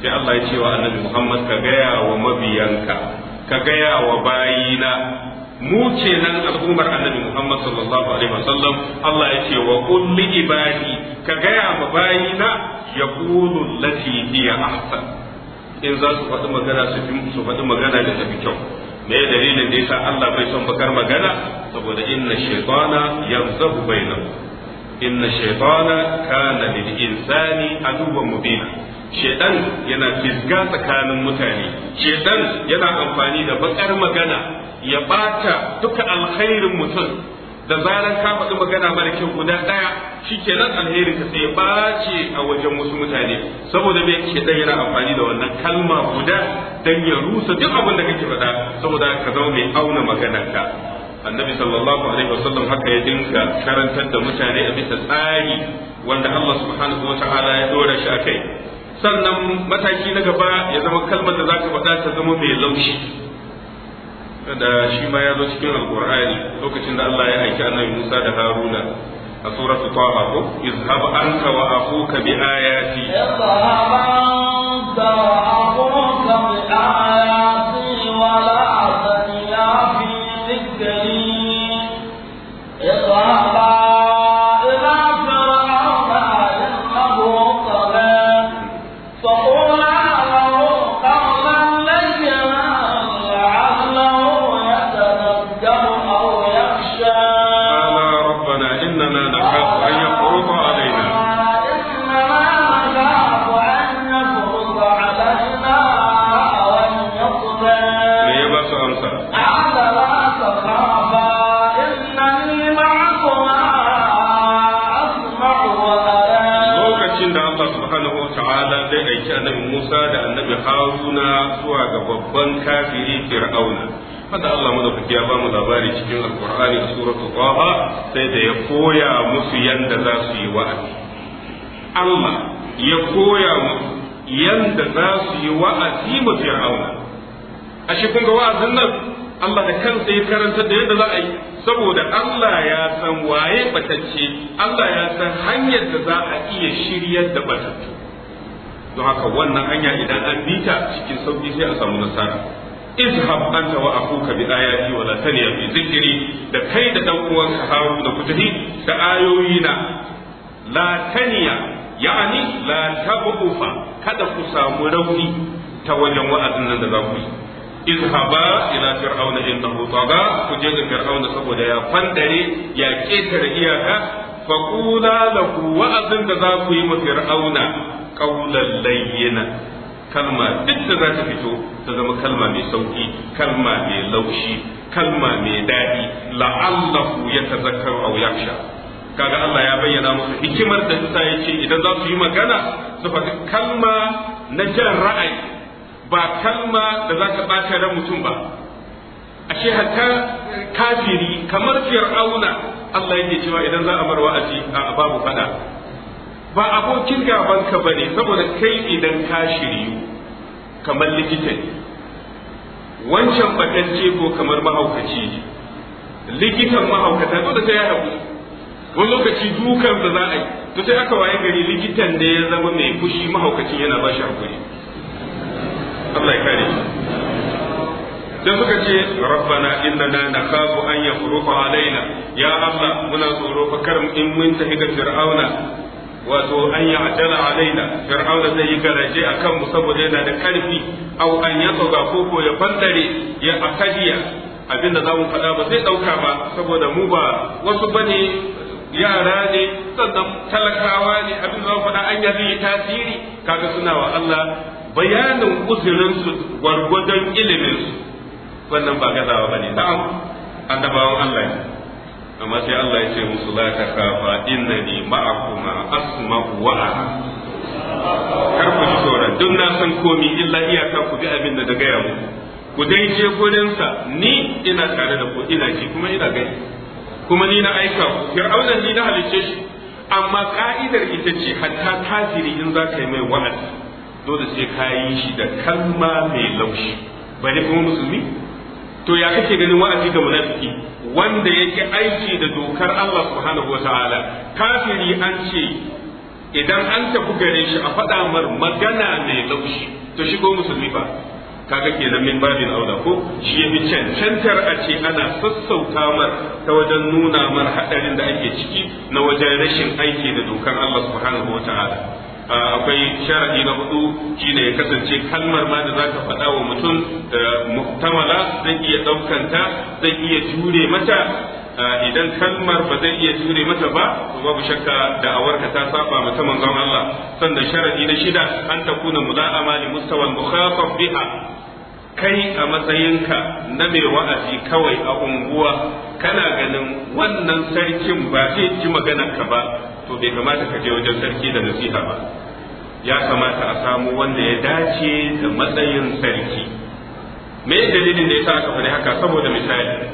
sai Allah ya ce wa annabi Muhammad ka gaya wa mabiyanka ka gaya wa bayina mu kenan al'ummar annabi Muhammad sallallahu alaihi wasallam Allah ya ce wa qul li ibadi ka gaya ma bayi bayina yaqulu allati hiya ahsan in za su faɗi magana su fi su faɗi magana da tafi kyau me dalilin da yasa Allah bai son bakar magana saboda inna shaytana yanzahu bainahum inna shaytana kana lil insani aduwwan mubina shedan yana fisga tsakanin mutane shedan yana amfani da bakar magana ya bata duka alkhairin mutum da zaran ka faɗi magana mara kyau guda ɗaya shi nan alheri ka sai bace a wajen wasu mutane saboda me yake ɗaya yana amfani da wannan kalma guda don ya rusa duk abin da kake faɗa saboda ka zama mai auna maganarka annabi sallallahu alaihi wasallam haka ya dinga karantar da mutane a bisa tsari wanda Allah subhanahu wataala ya dora shi akai sannan mataki na gaba ya zama kalmar da zaka faɗa ta zama mai laushi da shi ma ya zo cikin alkur'ani lokacin da Allah ya aiki annabi Musa da Haruna a suratu Taha ko izhab anta wa akuka bi ayati izhab anta wa Musa da annabi Haruna zuwa ga babban kafiri Fir'auna haka Allah madaukaki ya bamu labari cikin Al-Qur'ani a suratul Qaha sai da ya koya musu yanda za su yi wa'azi Allah ya koya musu yanda za su yi wa'azi ma Fir'auna A kun ga wa'azin nan Allah da kansa ya karanta da yadda za a yi saboda Allah ya san waye batacce Allah ya san hanyar da za a iya shiryar da batattu don haka wannan hanya idan an bi ta cikin sauki sai a samu nasara izhab anta wa akuka bi ayati wa la taniya bi zikri da kai da dan uwanka Harun da Kutani da ayoyi na la taniya yani la tabufa kada ku samu rauni ta wajen wa'azin nan da za ku yi izhaba ila fir'auna innahu tagha ku je ga fir'auna saboda ya fandare ya ketare iyaka faqula lahu wa'azin da za ku yi ma fir'auna qawlan layyina kalma duk da za ta fito ta zama kalma mai sauki kalma mai laushi kalma mai daɗi la'allahu ya tazakkar aw yakhsha kaga Allah ya bayyana musu hikimar da ta yace idan za su yi magana su faɗi kalma na jan ra'ayi ba kalma da za ka ɓata ran mutum ba ashe hatta kafiri kamar fir'auna Allah yake cewa idan za a bar wa'azi a babu faɗa. ba abokin gabanka ba ne saboda kai idan ka shiryu kamar likita ne wancan batacce ko kamar mahaukaci ne likitan mahaukata to da ta ya haku wani lokaci dukan da za a yi to sai aka waye gari likitan da ya zama mai fushi mahaukacin yana ba shi hakuri Allah ya kare dan suka ce rabbana innana nakhafu an yafruqa alaina ya Allah muna tsoro fa kar in mun tafi ga fir'auna wato an ya ajala alaina fir'auna zai yi garaje a kanmu saboda yana da karfi au an ya tsoga koko ya bandare ya akadiya abinda za mu faɗa ba zai ɗauka ba saboda mu ba wasu bane yara ne sannan talakawa ne abinda za mu faɗa an yi tasiri kaga suna wa Allah bayanin uzurinsu gwargwadon iliminsu wannan ba gazawa ba ne na'am annabawan Allah amma sai Allah ya ce musu la ta kafa ni ma'akuma asma'u wa ara kar ku ji tsoron duk na san komi illa iyaka ku bi abin da daga yamu ku dai je sa ni ina tare da ku ina ji kuma ina gani kuma ni na aika ku fir'auna ni na halice shi amma ka'idar ita ce hatta kafiri in za ka yi mai wa'azi dole sai ka yi shi da kalma mai laushi bane kuma musulmi to ya kake ganin wa'azi ga munafiki wanda yake aiki da dokar Allah subhanahu wataala kafiri an ce idan an tafi gare shi a faɗa mar magana mai laushi to shigo musulmi ba kaga kenan min babin aula ko shi yafi Cantar a ce ana sassauta mar ta wajen nuna mar hadarin da ake ciki na wajen rashin aiki da dokar Allah subhanahu wataala akwai sharadi na hudu shine ya kasance kalmar ma da zaka faɗa wa mutum muhtamala zai iya ɗaukanta zai iya jure mata idan kalmar ba zai iya jure mata ba babu shakka da'awarka ta saba mata manzon Allah sannan sharadi na shida an takuna muda'ama li mustawal mukhafaf biha kai a matsayinka na mai wa'azi kawai a unguwa kana ganin wannan sarkin ba zai ji ka ba to bai kamata ka je wajen sarki da nasiha ba ya kamata a samu wanda ya dace da matsayin sarki me dalilin da yasa aka faɗi haka saboda misali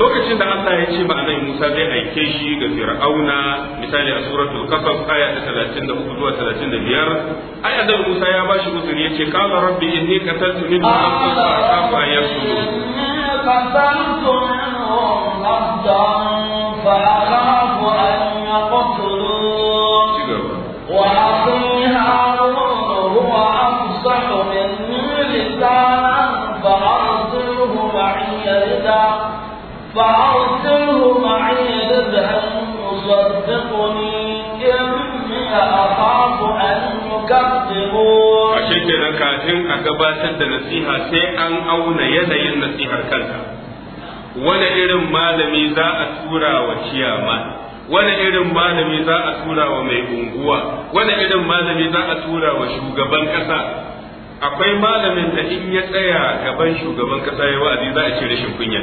lokacin da Allah ya ce ba nan Musa zai aike shi ga Fir'auna misali a suratul Qasas aya ta 33 zuwa 35 aya da Musa ya bashi uzuri yace qala rabbi inni qataltu min nafsi fa qataltu min fa da nan kafin a gabatar da nasiha sai an auna yanayin nasihar kanta wani irin malami za a tura wa ciyama wani irin malami za a tura wa mai unguwa wani irin malami za a tura wa shugaban kasa akwai malamin da in ya tsaya gaban shugaban kasa ya wa'azi za a ce rashin kunya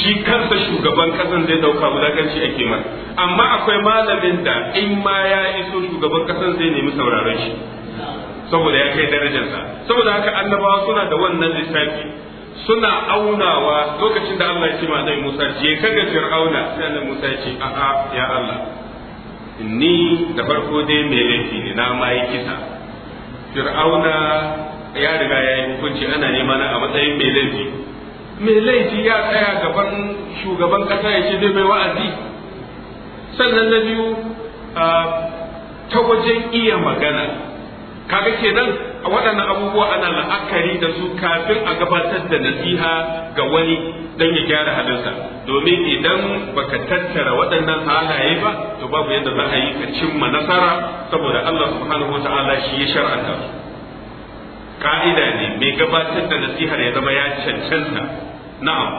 shi kansa shugaban kasan zai dauka wulakanci ake masa amma akwai malamin da in ma ya iso shugaban kasan zai nemi sauraron shi saboda ya kai darajarsa saboda haka annabawa suna da wannan lissafi suna aunawa lokacin da Allah ya ce ma Musa je ka ga Fir'auna sai annabi Musa ya ce a'a ya Allah ni da farko dai mai laifi ne na ma yi kisa Fir'auna ya riga ya yi hukunci ana nema na a matsayin mai laifi mai laifi ya tsaya gaban shugaban kasa ya ce dai mai wa'azi sannan na biyu ah, ta wajen iya magana kaga kenan a waɗannan abubuwa ana la'akari da su kafin a gabatar da nasiha ga wani dan ya gyara halinsa domin idan baka tattara waɗannan halaye ba to babu yadda za a yi ka cimma nasara saboda Allah subhanahu wata'ala shi ya shar'anta ka'ida ne mai gabatar da nasiha ya zama ya cancanta na'am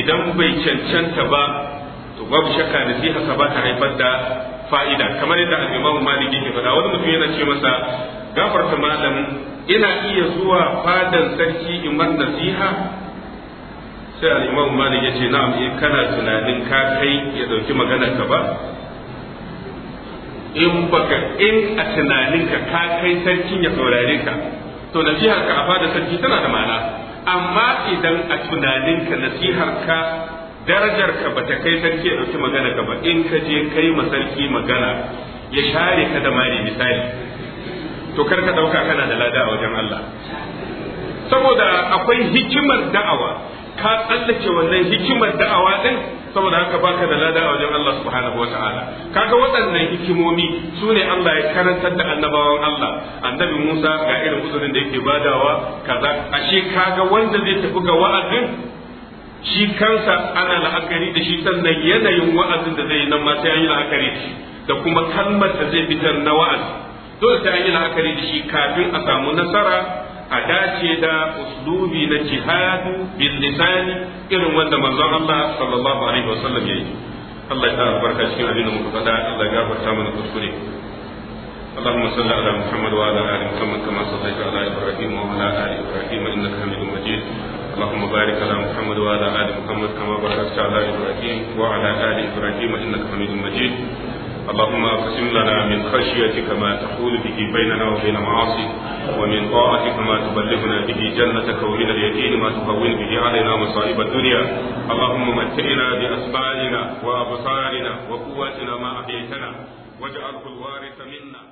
idan bai cancanta ba to babu shakka nasiha ba ta haifar da fa'ida kamar yadda al-Imam Malik yake faɗa wani mutum yana ce masa gafarta malam ina iya zuwa fadan sarki in man nasiha sai al-imam malik yace na'am in eh, kana tunanin ka kai ya dauki magana ka ba in baka in a tunaninka ka kai sarkin ya saurare ka to nasihar ka a fada sarki tana da ma'ana amma idan a tunaninka nasihar ka darajar ka bata kai sarki ya dauki magana ka ba in ka je kai ma sarki magana ya share ka da mari misali to kar ka dauka kana da lada a wajen Allah saboda akwai hikimar da'awa ka tsallake wannan hikimar da'awa din saboda haka baka da lada a wajen Allah subhanahu wa ta'ala kaga waɗannan hikimomi su ne Allah ya karantar da annabawan Allah annabi Musa ga irin uzurin da yake badawa kaza ashe kaga wanda zai tafi ga wa'azin shi kansa ana la'akari da shi sannan yanayin wa'azin da zai yi nan ma sai an yi la'akari da kuma kalmar da zai fitar na wa'azi dole sai an yi la'akari da shi kafin a samu nasara a dace da uslubi na jihadu bil lisani irin wanda manzon Allah sallallahu alaihi wasallam yayi Allah ya barka cikin abin da muka faɗa Allah ya gafarta mana kuskure اللهم صل على محمد وعلى ال محمد كما صليت على ابراهيم وعلى ال ابراهيم انك حميد مجيد اللهم بارك على محمد وعلى ال محمد كما باركت على ابراهيم وعلى ال ابراهيم انك حميد مجيد اللهم اقسم لنا من خشيتك ما تحول به بيننا وبين معاصيك ومن طاعتك ما تبلغنا به جنتك ومن اليقين ما تهون به علينا مصائب الدنيا اللهم متعنا باسبابنا وابصارنا وقواتنا ما احييتنا واجعله الوارث منا